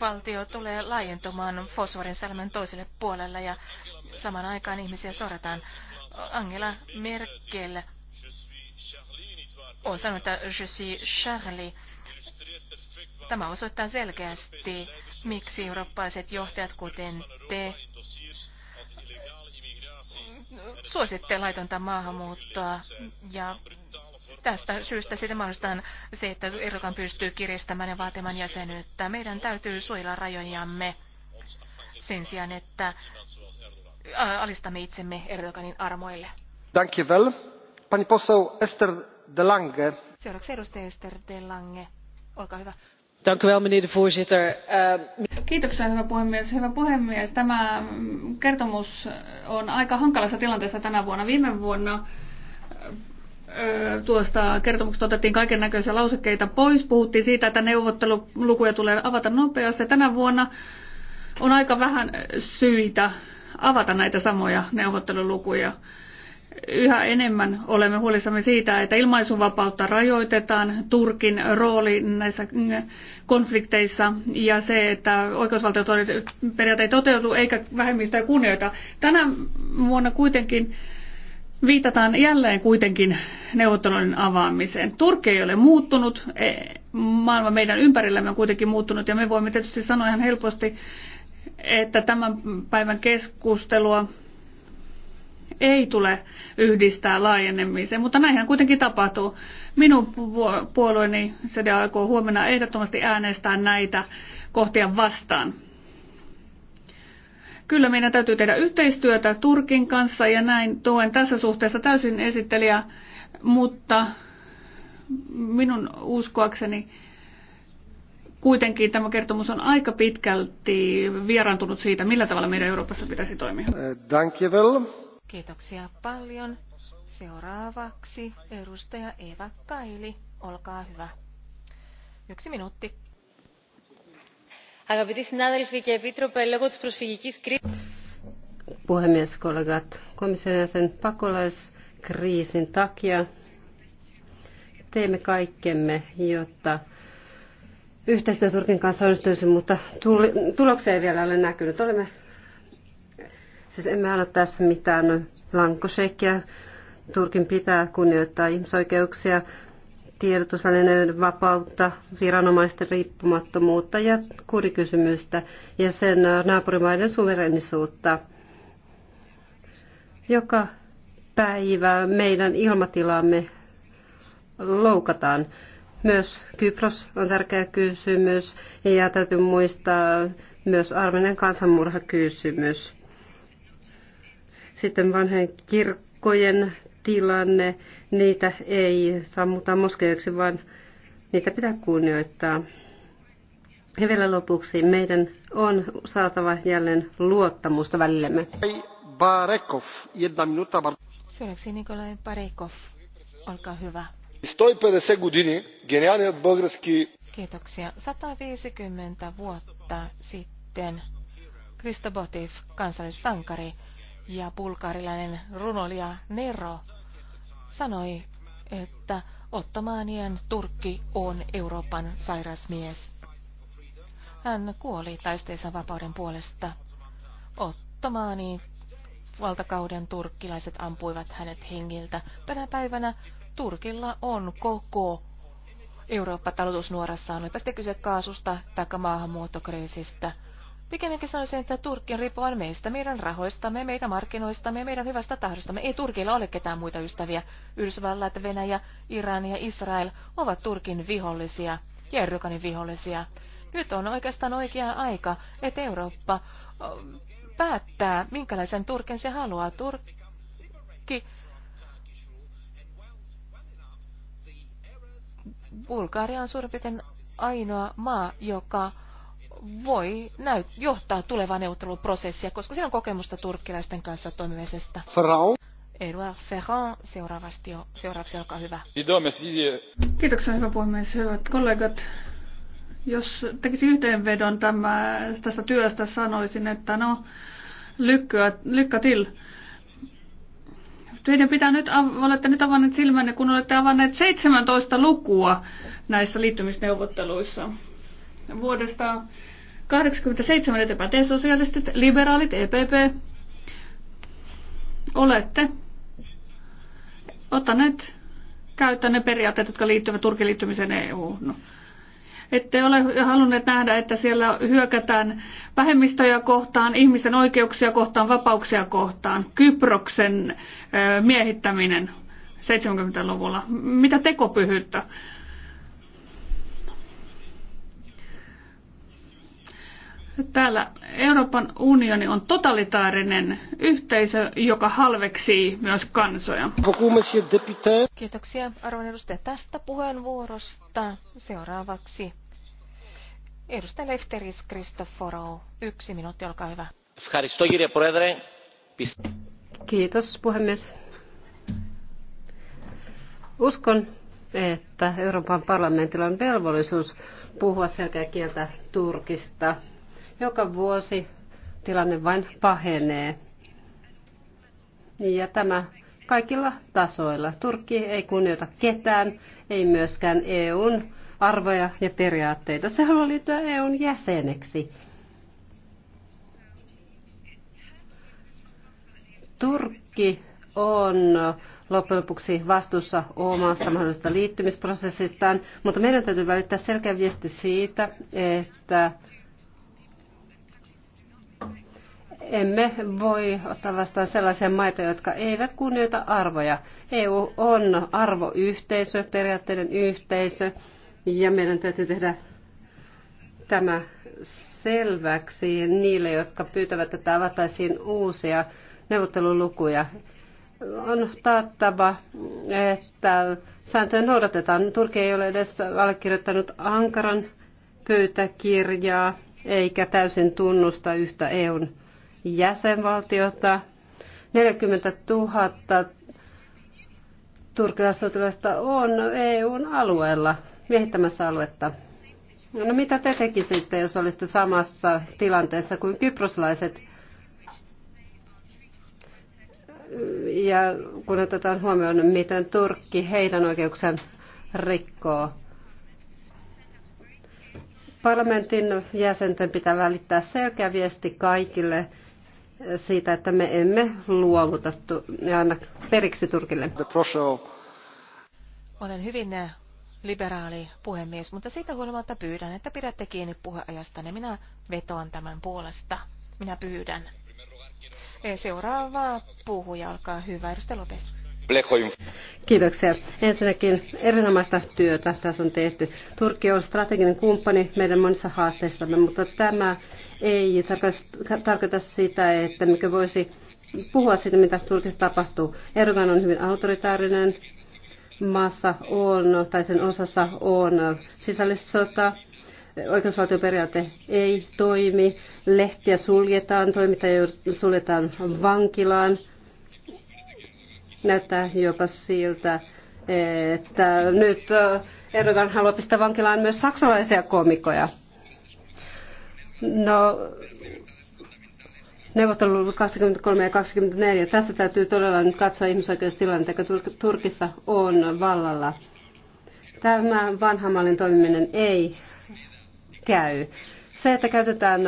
valtio tulee laajentumaan Fosforin salmen toiselle puolelle ja saman aikaan ihmisiä sorataan. Angela Merkel on sanonut, että je suis Charlie. Tämä osoittaa selkeästi, miksi eurooppalaiset johtajat, kuten te, suositte laitonta maahanmuuttoa ja Tästä syystä sitten mahdollistetaan se, että Erdogan pystyy kiristämään ja vaatimaan jäsenyyttä. Meidän täytyy suojella rajojamme sen sijaan, että alistamme itsemme Erdoganin armoille. you well. Pani poseł Esther de Lange. Seuraavaksi edustaja Esther de Lange. Olkaa hyvä voorzitter ehm, kiitoksia hyvä puhemies. hyvä puhemies tämä kertomus on aika hankalassa tilanteessa tänä vuonna. viime vuonna tuosta kertomuksesta otettiin kaiken näköisiä lausekkeita pois. Puhuttiin siitä, että neuvottelulukuja tulee avata nopeasti. Tänä vuonna on aika vähän syitä avata näitä samoja neuvottelulukuja. Yhä enemmän olemme huolissamme siitä, että ilmaisunvapautta rajoitetaan, Turkin rooli näissä konflikteissa ja se, että oikeusvaltioperiaate ei toteudu eikä vähemmistöä kunnioita. Tänä vuonna kuitenkin viitataan jälleen kuitenkin neuvotteluiden avaamiseen. Turkki ei ole muuttunut, e, maailma meidän ympärillämme on kuitenkin muuttunut ja me voimme tietysti sanoa ihan helposti, että tämän päivän keskustelua ei tule yhdistää laajenemiseen, mutta näinhän kuitenkin tapahtuu. Minun puolueeni CDA aikoo huomenna ehdottomasti äänestää näitä kohtia vastaan. Kyllä meidän täytyy tehdä yhteistyötä Turkin kanssa ja näin tuen tässä suhteessa täysin esittelijä, mutta minun uskoakseni kuitenkin tämä kertomus on aika pitkälti vieraantunut siitä, millä tavalla meidän Euroopassa pitäisi toimia. Eh, Kiitoksia paljon. Seuraavaksi edustaja Eva Kaili, olkaa hyvä. Yksi minuutti. Puhemies, kollegat, komission jäsen pakolaiskriisin takia teemme kaikkemme, jotta yhteistyö Turkin kanssa onnistuisi, mutta tuloksia ei vielä ole näkynyt. Olemme, siis emme anna tässä mitään lankosekkiä. Turkin pitää kunnioittaa ihmisoikeuksia, tiedotusvälineiden vapautta, viranomaisten riippumattomuutta ja kurikysymystä ja sen naapurimaiden suverenisuutta. Joka päivä meidän ilmatilamme loukataan. Myös Kypros on tärkeä kysymys ja täytyy muistaa myös Armenian kansanmurhakysymys. Sitten vanhojen kirkkojen tilanne niitä ei saa muuttaa moskeijoiksi, vaan niitä pitää kunnioittaa. Ja vielä lopuksi meidän on saatava jälleen luottamusta välillemme. Barekov, jedna minuta. Seuraavaksi Nikolai Barekov, olkaa hyvä. 150 години гениалният български... Kiitoksia. 150 vuotta sitten Kristobotiv, kansallissankari ja bulgarilainen runolija Nero sanoi, että Ottomaanien Turkki on Euroopan sairas mies. Hän kuoli taisteensa vapauden puolesta. Ottomaani valtakauden turkkilaiset ampuivat hänet hengiltä. Tänä päivänä Turkilla on koko Eurooppa talutusnuorassa, olipa sitten kyse kaasusta tai maahanmuuttokriisistä – Pikemminkin sanoisin, että Turkki on riippuvainen meistä, meidän rahoistamme, meidän markkinoistamme, meidän hyvästä tahdostamme. Ei Turkilla ole ketään muita ystäviä. Yhdysvallat, Venäjä, Iran ja Israel ovat Turkin vihollisia ja Erdoganin vihollisia. Nyt on oikeastaan oikea aika, että Eurooppa päättää, minkälaisen Turkin se haluaa. Turkki Bulgaria on suurin piirtein ainoa maa, joka voi näyt- johtaa tulevaa neuvotteluprosessia, koska siinä on kokemusta turkkilaisten kanssa toimimisesta. Frau. Edouard Ferrand, seuraavasti jo, seuraavaksi olkaa hyvä. Kiitoksia hyvä puhemies, hyvät kollegat. Jos tekisin yhteenvedon tämä, tästä työstä, sanoisin, että no, lykkyä, lykkä till. Teidän pitää nyt, olette nyt avanneet silmänne, kun olette avanneet 17 lukua näissä liittymisneuvotteluissa vuodesta 87 eteenpäin te sosialistit, liberaalit, EPP. Olette ottaneet käyttöön ne periaatteet, jotka liittyvät Turkin liittymiseen EU. No. Ette ole halunneet nähdä, että siellä hyökätään vähemmistöjä kohtaan, ihmisten oikeuksia kohtaan, vapauksia kohtaan. Kyproksen miehittäminen 70-luvulla. Mitä tekopyhyyttä? Täällä Euroopan unioni on totalitaarinen yhteisö, joka halveksii myös kansoja. Kiitoksia arvon edustaja tästä puheenvuorosta. Seuraavaksi edustaja Lefteris Kristoforou. Yksi minuutti, olkaa hyvä. Kiitos puhemies. Uskon, että Euroopan parlamentilla on velvollisuus puhua selkeä kieltä Turkista – joka vuosi tilanne vain pahenee. Ja tämä kaikilla tasoilla. Turkki ei kunnioita ketään, ei myöskään EUn arvoja ja periaatteita. Se haluaa liittyä EUn jäseneksi. Turkki on loppujen lopuksi vastuussa omasta mahdollisesta liittymisprosessistaan, mutta meidän täytyy välittää selkeä viesti siitä, että emme voi ottaa vastaan sellaisia maita, jotka eivät kunnioita arvoja. EU on arvoyhteisö, periaatteiden yhteisö, ja meidän täytyy tehdä tämä selväksi niille, jotka pyytävät, että avattaisiin uusia neuvottelulukuja. On taattava, että sääntöjä noudatetaan. Turki ei ole edes allekirjoittanut Ankaran pöytäkirjaa eikä täysin tunnusta yhtä EUn jäsenvaltiota, 40 000 turkilaissotilasta on EUn alueella miehittämässä aluetta. No mitä te tekisitte, jos olisitte samassa tilanteessa kuin kyproslaiset? Ja kun otetaan huomioon, miten Turkki heidän oikeuksiaan rikkoo. Parlamentin jäsenten pitää välittää selkeä viesti kaikille siitä, että me emme luovuta ja anna periksi Turkille. Olen hyvin eh, liberaali puhemies, mutta siitä huolimatta pyydän, että pidätte kiinni niin Minä vetoan tämän puolesta. Minä pyydän. Eh, seuraava puhuja, olkaa hyvä, edustaja Lopes. Kiitoksia. Ensinnäkin erinomaista työtä tässä on tehty. Turkki on strateginen kumppani meidän monissa haasteissamme, mutta tämä ei tarkoita sitä, että mikä voisi puhua siitä, mitä Turkissa tapahtuu. Erdogan on hyvin autoritaarinen. Maassa on, tai sen osassa on sisällissota. Oikeusvaltioperiaate ei toimi. Lehtiä suljetaan, toimittajia suljetaan vankilaan. Näyttää jopa siltä, että nyt Erdogan haluaa pistää vankilaan myös saksalaisia komikoja. No, neuvottelu 23 ja 24. Tässä täytyy todella nyt katsoa ihmisoikeustilannetta, joka Turkissa on vallalla. Tämä vanha mallin toimiminen ei käy. Se, että käytetään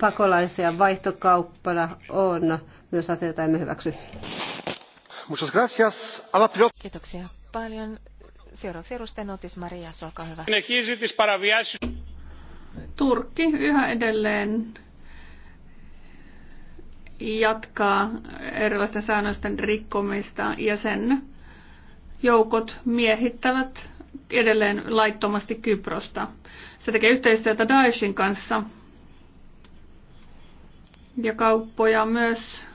pakolaisia vaihtokauppana, on myös asia, jota emme hyväksy. Muchas gracias. Kiitoksia paljon. Seuraavaksi edustaja Notis Maria, olkaa hyvä. Turkki yhä edelleen jatkaa erilaisten säännösten rikkomista ja sen joukot miehittävät edelleen laittomasti Kyprosta. Se tekee yhteistyötä Daeshin kanssa ja kauppoja myös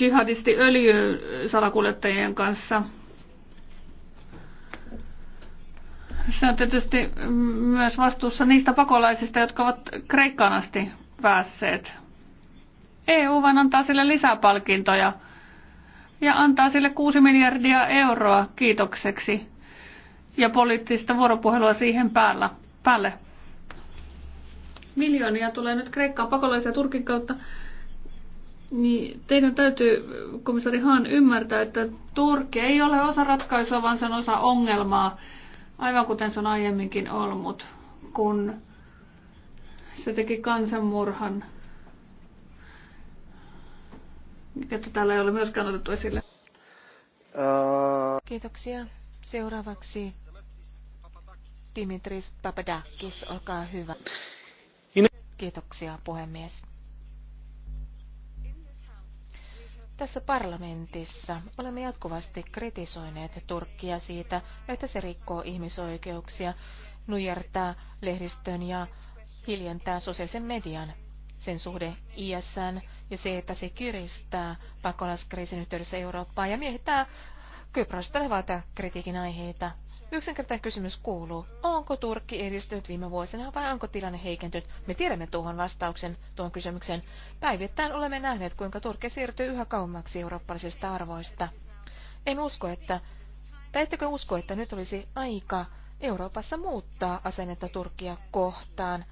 jihadisti öljysalakuljettajien kanssa. Se on tietysti myös vastuussa niistä pakolaisista, jotka ovat Kreikkaan asti päässeet. EU vain antaa sille lisäpalkintoja ja antaa sille 6 miljardia euroa kiitokseksi ja poliittista vuoropuhelua siihen päällä, päälle. Miljoonia tulee nyt Kreikkaan pakolaisia Turkin kautta niin teidän täytyy, komissari Hahn, ymmärtää, että Turkki ei ole osa ratkaisua, vaan se on osa ongelmaa, aivan kuten se on aiemminkin ollut, kun se teki kansanmurhan, että täällä ei ole myöskään otettu esille. Kiitoksia. Seuraavaksi Dimitris Papadakis, olkaa hyvä. Kiitoksia puhemies. Tässä parlamentissa olemme jatkuvasti kritisoineet Turkkia siitä, että se rikkoo ihmisoikeuksia, nujertaa lehdistön ja hiljentää sosiaalisen median sen suhde ISN ja se, että se kiristää pakolaskriisin yhteydessä Eurooppaa ja miehittää Kyprosta levaita kritiikin aiheita. Yksinkertainen kysymys kuuluu, onko Turkki edistynyt viime vuosina vai onko tilanne heikentynyt? Me tiedämme tuohon vastauksen, tuon kysymykseen. Päivittäin olemme nähneet, kuinka Turkki siirtyy yhä kauemmaksi eurooppalaisista arvoista. En usko, että, tai ettekö usko, että nyt olisi aika Euroopassa muuttaa asennetta Turkia kohtaan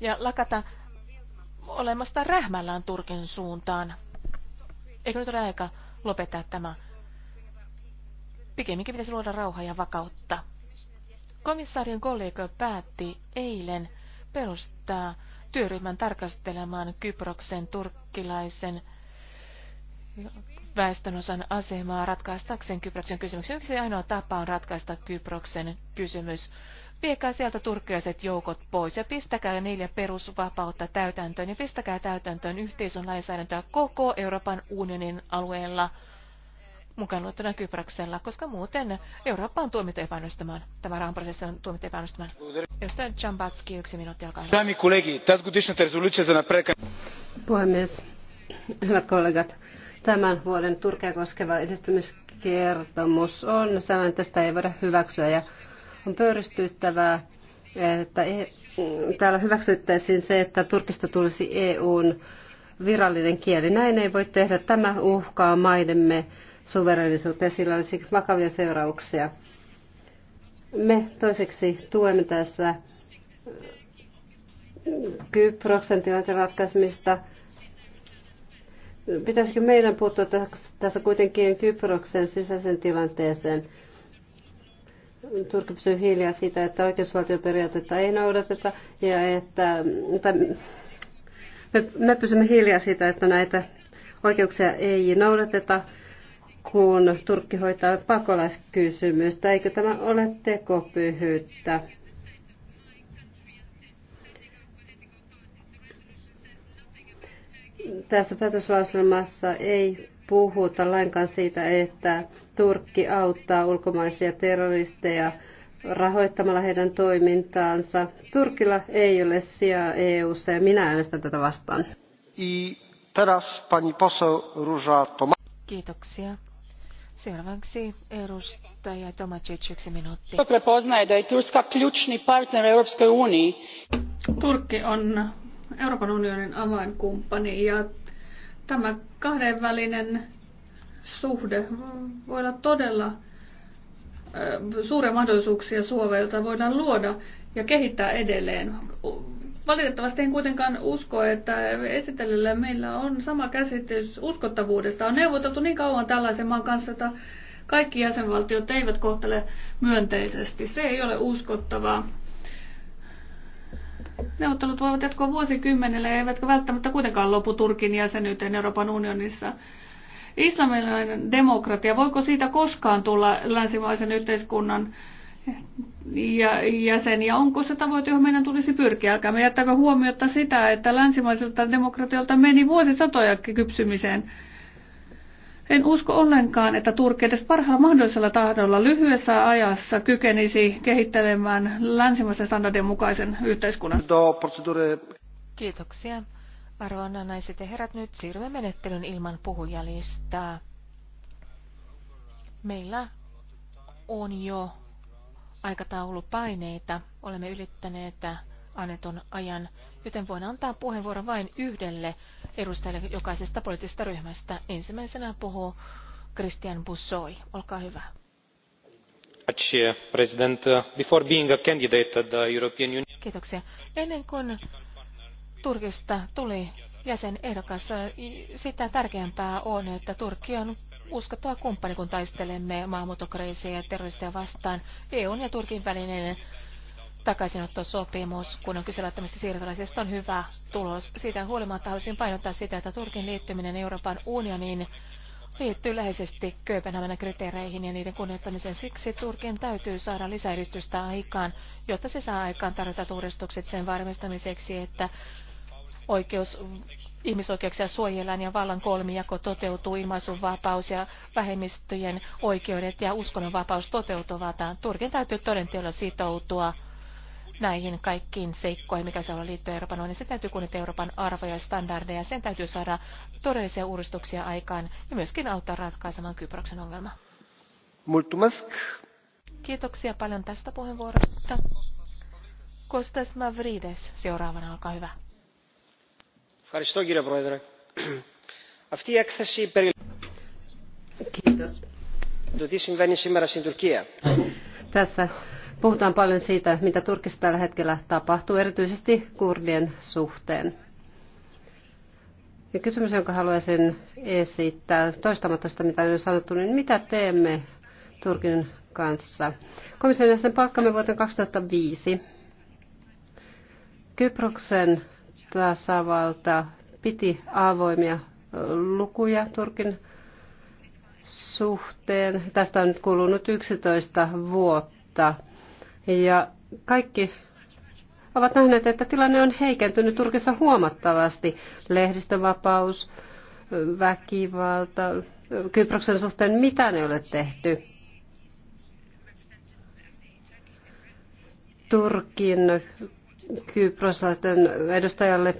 ja lakata olemasta rähmällään Turkin suuntaan? Eikö nyt ole aika lopettaa tämä Pikemminkin pitäisi luoda rauhaa ja vakautta. Komissaarien kollega päätti eilen perustaa työryhmän tarkastelemaan Kyproksen turkkilaisen väestönosan asemaa ratkaistakseen Kyproksen kysymyksen. Yksi ainoa tapa on ratkaista Kyproksen kysymys. Viekää sieltä turkkilaiset joukot pois ja pistäkää neljä perusvapautta täytäntöön ja pistäkää täytäntöön yhteisön lainsäädäntöä koko Euroopan unionin alueella – mukaan luettuna Kyproksella, koska muuten Eurooppa on tuomittu epäonnistumaan. Tämä rahanprosessi on tuomittu epäonnistumaan. Edustaja Jambatski, yksi minuutti, olkaa hyvä. Puhemies, hyvät kollegat, tämän vuoden Turkia koskeva edistymiskertomus on sellainen, että sitä ei voida hyväksyä ja on pöyristyttävää, että e- täällä hyväksyttäisiin se, että Turkista tulisi EUn virallinen kieli. Näin ei voi tehdä. Tämä uhkaa maidemme suverenisuutta ja sillä olisi vakavia seurauksia. Me toiseksi tuemme tässä Kyproksen tilanteen ratkaisemista. Pitäisikö meidän puuttua tässä kuitenkin Kyproksen sisäisen tilanteeseen? Turkki pysyy hiljaa siitä, että oikeusvaltioperiaatetta ei noudateta ja että, että me, me pysymme hiljaa siitä, että näitä oikeuksia ei noudateta kun Turkki hoitaa pakolaiskysymystä. Eikö tämä ole tekopyhyyttä? Tässä päätöslauselmassa ei puhuta lainkaan siitä, että Turkki auttaa ulkomaisia terroristeja rahoittamalla heidän toimintaansa. Turkilla ei ole sijaa EU-ssa ja minä äänestän tätä vastaan. I teraz pani poseł Róża Tomasz. Kiitoksia. Seuraavaksi edustaja Tomacic yksi minuutti. prepoznaje da je Turska ključni partner Europskoj uniji. Turkki on Euroopan unionin avainkumppani ja tämä kahdenvälinen suhde voi olla todella suuria mahdollisuuksia Suomea, jota voidaan luoda ja kehittää edelleen Valitettavasti en kuitenkaan usko, että esittelijällä meillä on sama käsitys uskottavuudesta. On neuvoteltu niin kauan tällaisen maan kanssa, että kaikki jäsenvaltiot eivät kohtele myönteisesti. Se ei ole uskottavaa. Neuvottelut voivat jatkua vuosikymmenellä eivätkä välttämättä kuitenkaan lopu Turkin jäsenyyteen Euroopan unionissa. Islamilainen demokratia, voiko siitä koskaan tulla länsimaisen yhteiskunnan ja, jäseniä, ja onko se tavoite, johon meidän tulisi pyrkiä? Älkää me jättäkö huomiota sitä, että länsimaiselta demokratialta meni vuosisatoja kypsymiseen. En usko ollenkaan, että Turkki edes parhaalla mahdollisella tahdolla lyhyessä ajassa kykenisi kehittelemään länsimaisen standardin mukaisen yhteiskunnan. Kiitoksia. Arvoina naiset ja herrat, nyt siirrymme menettelyn ilman puhujalistaa. Meillä on jo aikataulupaineita. Olemme ylittäneet annetun ajan, joten voin antaa puheenvuoron vain yhdelle edustajalle jokaisesta poliittisesta ryhmästä. Ensimmäisenä puhuu Christian Bussoi. Olkaa hyvä. Kiitoksia. Ennen kuin Turkista tuli jäsenehdokas, sitä tärkeämpää on, että Turkki on uskottava kumppani, kun taistelemme maahanmuuttokriisiä ja terroristeja vastaan. EUn ja Turkin välinen takaisinottosopimus, kun on kysellä tämmöistä siirtolaisista, on hyvä tulos. Siitä huolimatta haluaisin painottaa sitä, että Turkin liittyminen Euroopan unioniin liittyy läheisesti Kööpenhaminan kriteereihin ja niiden kunnioittamiseen. Siksi Turkin täytyy saada lisäedistystä aikaan, jotta se saa aikaan tarvitaan uudistukset sen varmistamiseksi, että oikeus ihmisoikeuksia suojellaan ja vallan kolmijako toteutuu, ilmaisunvapaus ja vähemmistöjen oikeudet ja uskonnonvapaus toteutuvat. Turkin täytyy todenteolla sitoutua näihin kaikkiin seikkoihin, mikä se on liittyy Euroopan unioniin. Se täytyy kunnioittaa Euroopan arvoja ja standardeja. Sen täytyy saada todellisia uudistuksia aikaan ja myöskin auttaa ratkaisemaan Kyproksen ongelma. Multumask. Kiitoksia paljon tästä puheenvuorosta. Kostas Mavrides seuraavana, olkaa hyvä τουρκία. Tässä puhutaan paljon siitä, mitä Turkissa tällä hetkellä tapahtuu, erityisesti kurdien suhteen. Ja kysymys, jonka haluaisin esittää, toistamatta sitä, mitä on sanottu, niin mitä teemme Turkin kanssa? Komission jäsen palkkamme vuoteen 2005. Kyproksen tasavalta piti avoimia lukuja Turkin suhteen. Tästä on nyt kulunut 11 vuotta. Ja kaikki ovat nähneet, että tilanne on heikentynyt Turkissa huomattavasti. Lehdistönvapaus, väkivalta, Kyproksen suhteen mitä ne ole tehty. Turkin kyproslaisten edustajalle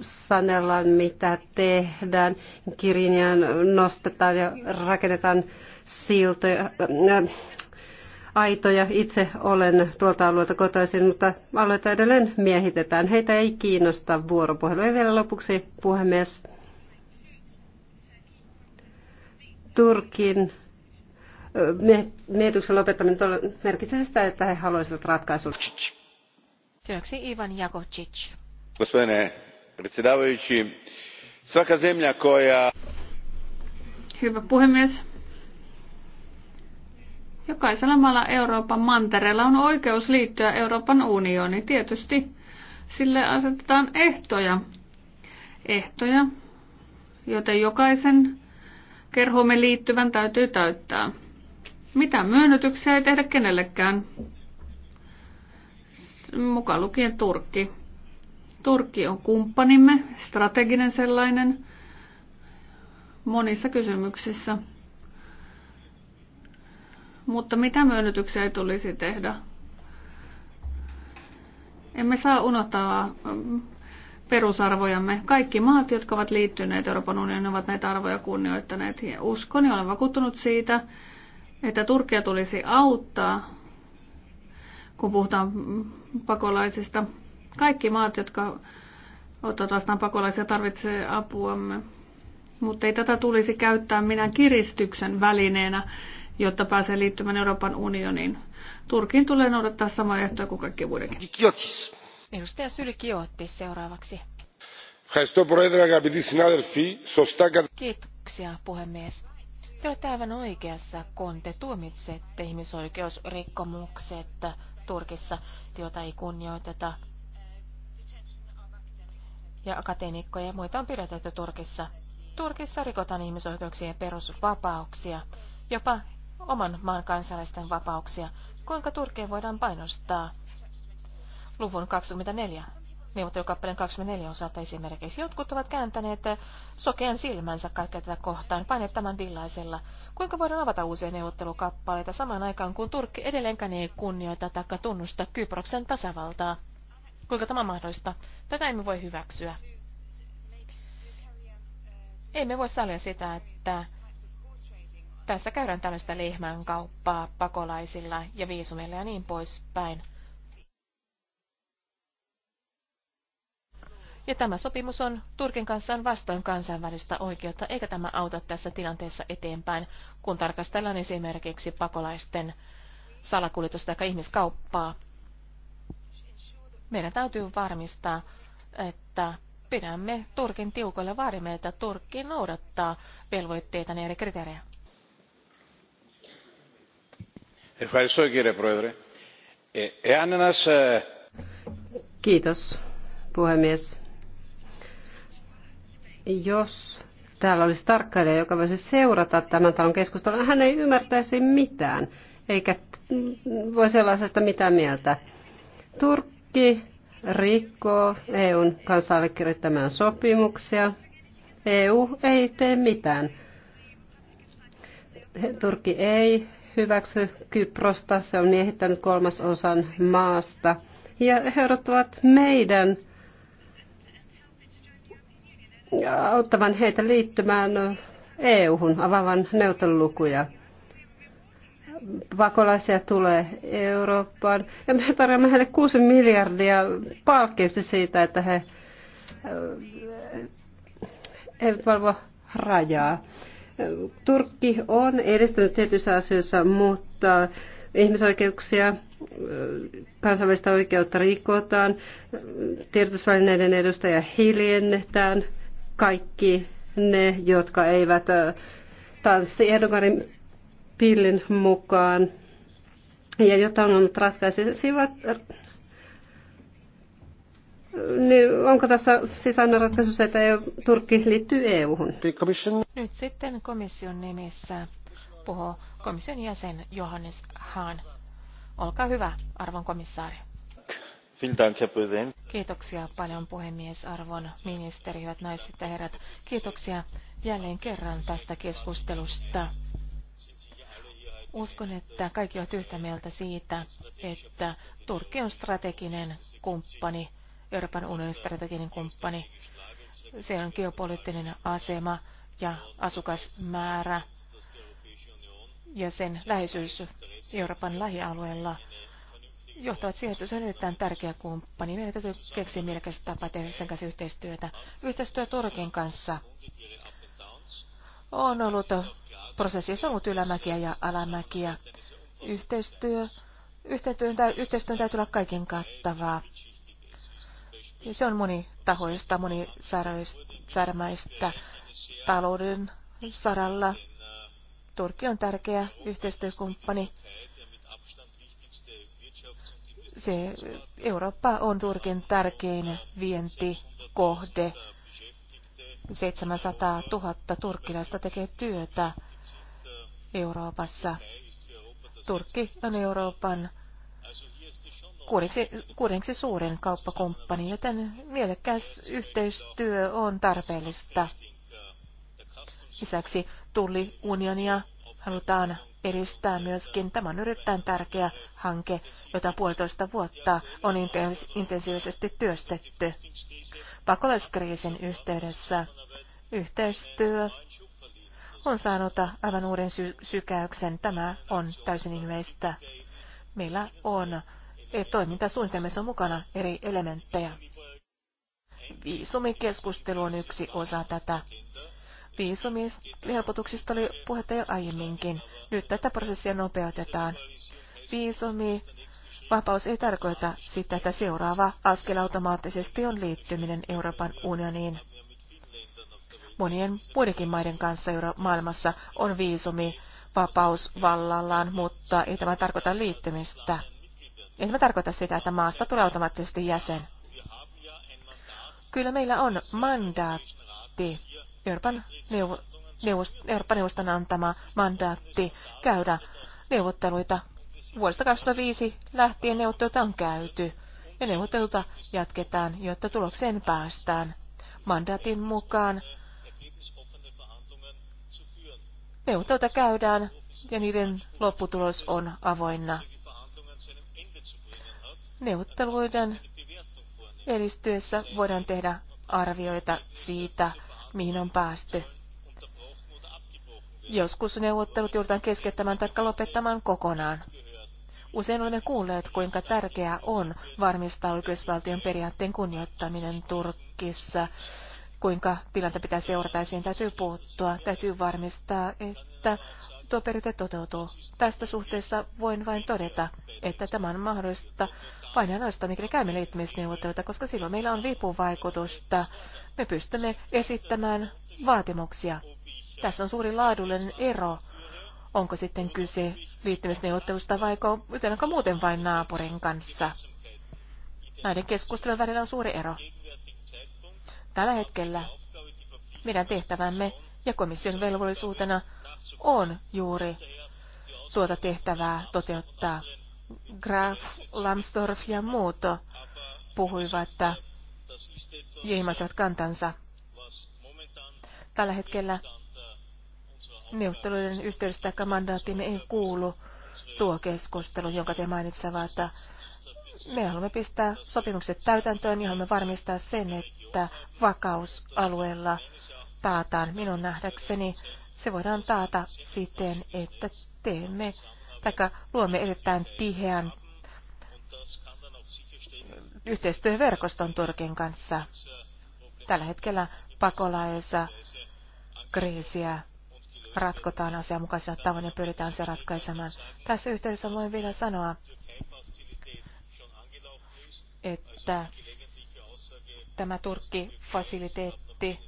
sanellaan, mitä tehdään. Kirinian nostetaan ja rakennetaan siltoja, äh, aitoja. Itse olen tuolta alueelta kotoisin, mutta alueita edelleen miehitetään. Heitä ei kiinnosta vuoropuhelu. Ja vielä lopuksi puhemies. Turkin äh, miehityksen lopettaminen merkitsee sitä, että he haluaisivat ratkaisua gospodine predsjedavajući svaka zemlja koja. hyvä puhemies jokaisella maalla euroopan mantereella on oikeus liittyä euroopan unioniin. tietysti sille asetetaan ehtoja. ehtoja joten jokaisen kerhoomme liittyvän täytyy täyttää. mitään myönnytyksiä ei tehdä kenellekään mukaan lukien Turkki. Turkki on kumppanimme, strateginen sellainen, monissa kysymyksissä. Mutta mitä myönnytyksiä ei tulisi tehdä? Emme saa unohtaa mm, perusarvojamme. Kaikki maat, jotka ovat liittyneet Euroopan unioniin, ovat näitä arvoja kunnioittaneet. uskon ja olen vakuuttunut siitä, että Turkia tulisi auttaa kun puhutaan pakolaisista. Kaikki maat, jotka ottavat vastaan pakolaisia, tarvitsevat apuamme. Mutta ei tätä tulisi käyttää minään kiristyksen välineenä, jotta pääsee liittymään Euroopan unioniin. Turkiin tulee noudattaa samaa ehtoja kuin kaikki muidenkin. Kiotis. Edustaja Syli otti seuraavaksi. Kiitoksia puhemies. Te olette aivan oikeassa, kun te tuomitsette ihmisoikeusrikkomukset Turkissa, jota ei kunnioiteta. Ja akateemikkoja ja muita on pidätetty Turkissa. Turkissa rikotaan ihmisoikeuksia ja perusvapauksia, jopa oman maan kansalaisten vapauksia. Kuinka Turkeen voidaan painostaa? Luvun 24 neuvottelukappaleen 24 osalta esimerkiksi. Jotkut ovat kääntäneet sokean silmänsä kaikkea tätä kohtaan, painettaman villaisella. Kuinka voidaan avata uusia neuvottelukappaleita samaan aikaan, kun Turkki edelleenkään ei kunnioita tai tunnusta Kyproksen tasavaltaa? Kuinka tämä on mahdollista? Tätä emme voi hyväksyä. Emme voi sallia sitä, että tässä käydään tällaista lehmän kauppaa pakolaisilla ja viisumilla ja niin poispäin. Ja tämä sopimus on Turkin kanssa on vastoin kansainvälistä oikeutta, eikä tämä auta tässä tilanteessa eteenpäin, kun tarkastellaan esimerkiksi pakolaisten salakuljetusta tai ihmiskauppaa. Meidän täytyy varmistaa, että pidämme Turkin tiukoilla vaadimme, että Turkki noudattaa velvoitteita ja eri kriteerejä. Kiitos, puhemies jos täällä olisi tarkkailija, joka voisi seurata tämän talon keskustelua, hän ei ymmärtäisi mitään, eikä voi sellaisesta mitään mieltä. Turkki rikkoo EUn kanssa allekirjoittamaan sopimuksia. EU ei tee mitään. Turkki ei hyväksy Kyprosta, se on miehittänyt kolmasosan maasta. Ja he odottavat meidän auttavan heitä liittymään EU-hun, avaavan neuvottelulukuja. Pakolaisia tulee Eurooppaan ja me tarjoamme heille 6 miljardia palkkioksi siitä, että he äh, eivät valvo rajaa. Turkki on edistänyt tietyissä asioissa, mutta ihmisoikeuksia, äh, kansainvälistä oikeutta rikotaan, tiedotusvälineiden edustajia hiljennetään – kaikki ne, jotka eivät tanssi Erdoganin pillin mukaan ja jotta ongelmat ratkaisivat. niin onko tässä siis aina ratkaisu se, että EU, Turkki liittyy EU-hun? Nyt sitten komission nimissä puhuu komission jäsen Johannes Hahn. Olkaa hyvä, arvon komissaari. Kiitoksia paljon puhemies, arvon ministeri, hyvät naiset ja herrat. Kiitoksia jälleen kerran tästä keskustelusta. Uskon, että kaikki ovat yhtä mieltä siitä, että Turkki on strateginen kumppani, Euroopan unionin strateginen kumppani. Se on geopoliittinen asema ja asukasmäärä ja sen läheisyys Euroopan lähialueella johtavat siihen, että se on erittäin tärkeä kumppani. Meidän täytyy keksiä mielekästä tapa tehdä sen kanssa yhteistyötä. Yhteistyö Turkin kanssa on ollut jossa on ollut ylämäkiä ja alamäkiä. Yhteistyö, yhteistyön, yhteistyön täytyy olla kaiken kattavaa. Ja se on monitahoista, monisärmäistä talouden saralla. Turkki on tärkeä yhteistyökumppani se, Eurooppa on Turkin tärkein vientikohde. 700 000 turkkilaista tekee työtä Euroopassa. Turkki on Euroopan kuudeksi, kuudeksi suurin kauppakumppani, joten mielekkäs yhteistyö on tarpeellista. Lisäksi tulliunionia halutaan edistää myöskin. Tämä on erittäin tärkeä hanke, jota puolitoista vuotta on intensiivisesti työstetty. Pakolaiskriisin yhteydessä yhteistyö on saanut aivan uuden sy- sykäyksen. Tämä on täysin ilmeistä. Meillä on e, toimintasuunnitelmissa on mukana eri elementtejä. Viisumikeskustelu on yksi osa tätä. Viisumihelpotuksista oli puhetta jo aiemminkin. Nyt tätä prosessia nopeutetaan. Viisumi Vapaus ei tarkoita sitä, että seuraava askel automaattisesti on liittyminen Euroopan unioniin. Monien muidenkin maiden kanssa maailmassa on viisumi vapaus vallallaan, mutta ei tämä tarkoita liittymistä. Ei tämä tarkoita sitä, että maasta tulee automaattisesti jäsen. Kyllä meillä on mandaatti Euroopan, neuvo, neuvost, Euroopan neuvoston antama mandaatti käydä neuvotteluita. Vuodesta 2005 lähtien neuvotteluita on käyty ja neuvotteluita jatketaan, jotta tulokseen päästään. Mandaatin mukaan neuvotteluita käydään ja niiden lopputulos on avoinna. Neuvotteluiden edistyessä voidaan tehdä arvioita siitä, mihin on päästy. Joskus neuvottelut joudutaan keskeyttämään tai lopettamaan kokonaan. Usein olemme kuulleet, kuinka tärkeää on varmistaa oikeusvaltion periaatteen kunnioittaminen Turkissa, kuinka tilanta pitää seurata ja siihen täytyy puuttua. Täytyy varmistaa, että tuo periaate toteutuu. Tästä suhteessa voin vain todeta, että tämä on mahdollista vain noista, mikäli käymme liittymisneuvotteluita, koska silloin meillä on vipuvaikutusta me pystymme esittämään vaatimuksia. Tässä on suuri laadullinen ero. Onko sitten kyse liittymisneuvottelusta vai onko muuten vain naapurin kanssa? Näiden keskustelujen välillä on suuri ero. Tällä hetkellä meidän tehtävämme ja komission velvollisuutena on juuri tuota tehtävää toteuttaa. Graf Lambsdorff ja muut puhuivat ja kantansa. Tällä hetkellä neuvotteluiden yhteydessä tai mandaattimme ei kuulu tuo keskustelu, jonka te mainitsevat, että me haluamme pistää sopimukset täytäntöön ja haluamme varmistaa sen, että vakausalueella taataan minun nähdäkseni. Se voidaan taata siten, että teemme tai luomme erittäin tiheän yhteistyöverkoston Turkin kanssa. Tällä hetkellä pakolaisa kriisiä ratkotaan asianmukaisella tavoin ja pyritään se ratkaisemaan. Tässä yhteydessä voin vielä sanoa, että tämä Turkki-fasiliteetti,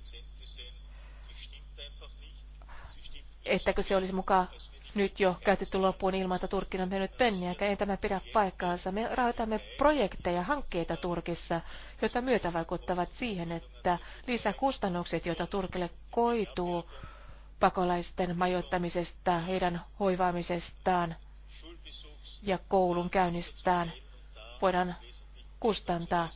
ettäkö se olisi mukaan nyt jo käytetty loppuun ilman, että Turkki on mennyt penniäkään. Ei tämä pidä paikkaansa. Me rahoitamme projekteja, hankkeita Turkissa, joita myötä vaikuttavat siihen, että lisäkustannukset, joita Turkille koituu pakolaisten majoittamisesta, heidän hoivaamisestaan ja koulun käynnistään, voidaan kustantaa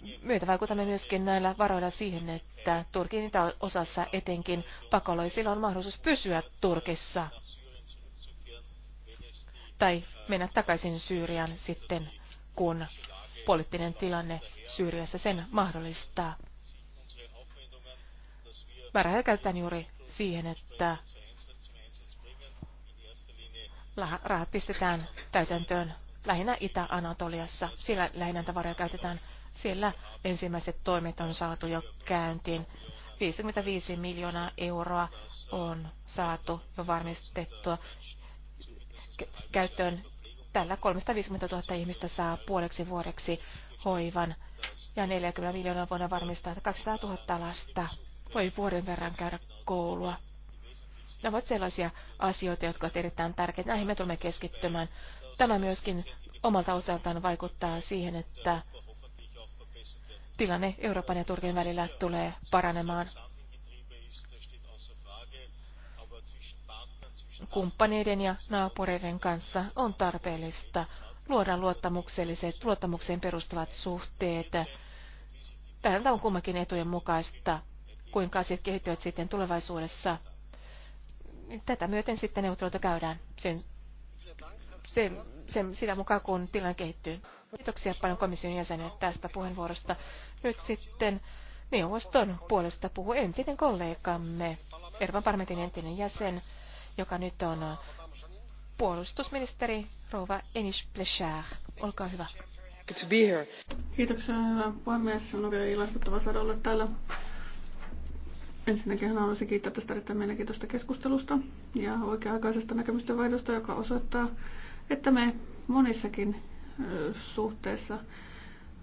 myötävaikutamme vaikutamme myöskin näillä varoilla siihen, että Turkin osassa etenkin pakolaisilla on mahdollisuus pysyä Turkissa tai mennä takaisin Syyriaan sitten, kun poliittinen tilanne Syyriassa sen mahdollistaa. Määrähän käytetään juuri siihen, että rahat pistetään täytäntöön lähinnä Itä-Anatoliassa. Sillä lähinnä tavaroja käytetään siellä ensimmäiset toimet on saatu jo käyntiin. 55 miljoonaa euroa on saatu jo varmistettua käyttöön. Tällä 350 000 ihmistä saa puoleksi vuodeksi hoivan ja 40 miljoonaa vuonna varmistaa, että 200 000 lasta voi vuoden verran käydä koulua. Nämä ovat sellaisia asioita, jotka ovat erittäin tärkeitä. Näihin me tulemme keskittymään. Tämä myöskin omalta osaltaan vaikuttaa siihen, että tilanne Euroopan ja Turkin välillä tulee paranemaan. Kumppaneiden ja naapureiden kanssa on tarpeellista luoda luottamukselliset, luottamukseen perustuvat suhteet. Tällä on kummankin etujen mukaista, kuinka asiat kehittyvät sitten tulevaisuudessa. Tätä myöten sitten neuvotteluita käydään sen, sen, sen, sitä mukaan, kun tilanne kehittyy. Kiitoksia paljon komission jäsenet tästä puheenvuorosta. Nyt sitten neuvoston puolesta puhuu entinen kollegamme, Euroopan parlamentin entinen jäsen, joka nyt on puolustusministeri Rova Enish Plechard. Olkaa hyvä. Good to be here. Kiitoksia, hyvä puhemies. On oikein ilahduttava saada olla täällä. Ensinnäkin haluaisin siis kiittää tästä erittäin mielenkiintoista keskustelusta ja oikea-aikaisesta näkemysten vaihdosta, joka osoittaa, että me monissakin suhteessa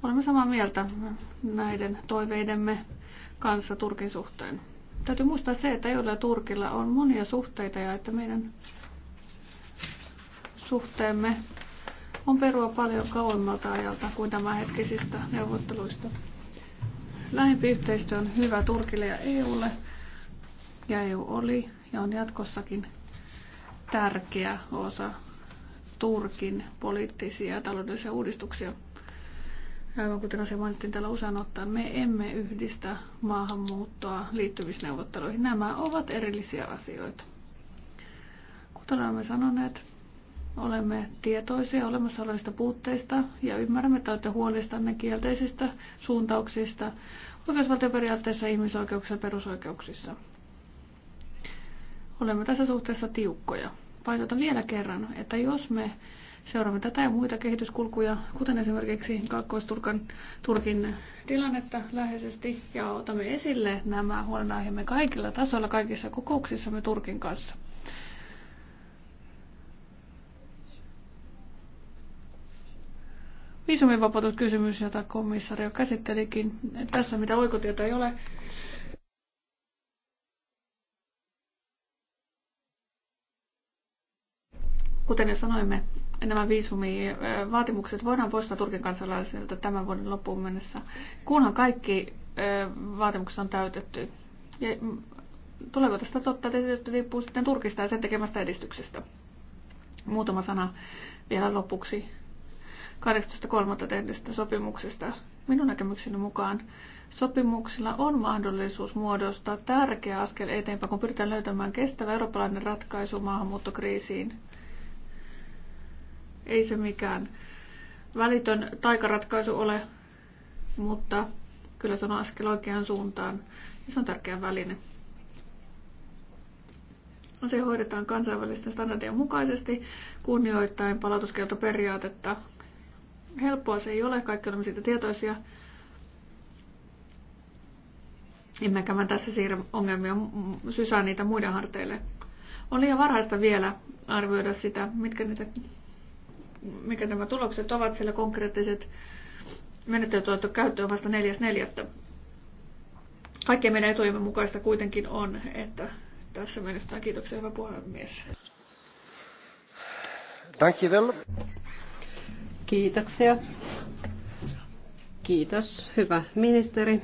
Olemme samaa mieltä näiden toiveidemme kanssa Turkin suhteen. Täytyy muistaa se, että ja Turkilla on monia suhteita ja että meidän suhteemme on perua paljon kauemmalta ajalta kuin tämänhetkisistä neuvotteluista. Lähempi yhteistyö on hyvä Turkille ja EUlle, ja EU oli ja on jatkossakin tärkeä osa Turkin poliittisia ja taloudellisia uudistuksia. Aivan kuten asia mainittiin täällä usein ottaa, me emme yhdistä maahanmuuttoa liittymisneuvotteluihin. Nämä ovat erillisiä asioita. Kuten olemme sanoneet, olemme tietoisia olemassa olevista puutteista ja ymmärrämme, että olette huolestanne kielteisistä suuntauksista oikeusvaltioperiaatteessa, ihmisoikeuksissa ja perusoikeuksissa. Olemme tässä suhteessa tiukkoja. Painotan vielä kerran, että jos me seuraamme tätä ja muita kehityskulkuja, kuten esimerkiksi Kaakkois-Turkin Turkin tilannetta läheisesti, ja otamme esille nämä huolenaiheemme kaikilla tasoilla, kaikissa kokouksissamme Turkin kanssa. Viisumivapautuskysymys, jota komissario jo käsittelikin. Tässä mitä oikotietä ei ole. Kuten jo sanoimme, nämä viisumivaatimukset voidaan poistaa Turkin kansalaisilta tämän vuoden loppuun mennessä, kunhan kaikki vaatimukset on täytetty. Ja mm, tuleeko tästä totta, että riippuu sitten Turkista ja sen tekemästä edistyksestä. Muutama sana vielä lopuksi 18.3. tehdystä sopimuksesta. Minun näkemykseni mukaan sopimuksilla on mahdollisuus muodostaa tärkeä askel eteenpäin, kun pyritään löytämään kestävä eurooppalainen ratkaisu maahanmuuttokriisiin – ei se mikään välitön taikaratkaisu ole, mutta kyllä se on askel oikeaan suuntaan ja se on tärkeä väline. Se hoidetaan kansainvälisten standardien mukaisesti kunnioittain palautuskieltoperiaatetta. Helppoa se ei ole, kaikki olemme siitä tietoisia. Emmekä mä tässä siirrä ongelmia, sysää niitä muiden harteille. On liian varhaista vielä arvioida sitä, mitkä niitä mikä nämä tulokset ovat, sillä konkreettiset menettelyt on käyttöön vasta 4.4. Kaikkien meidän etujemme mukaista kuitenkin on, että tässä menestään. Kiitoksia, hyvä puhemies. Thank you Kiitoksia. Kiitos, hyvä ministeri.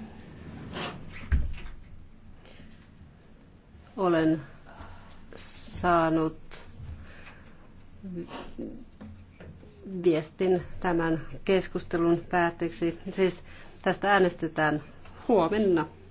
Olen saanut viestin tämän keskustelun päätteeksi. Siis tästä äänestetään huomenna.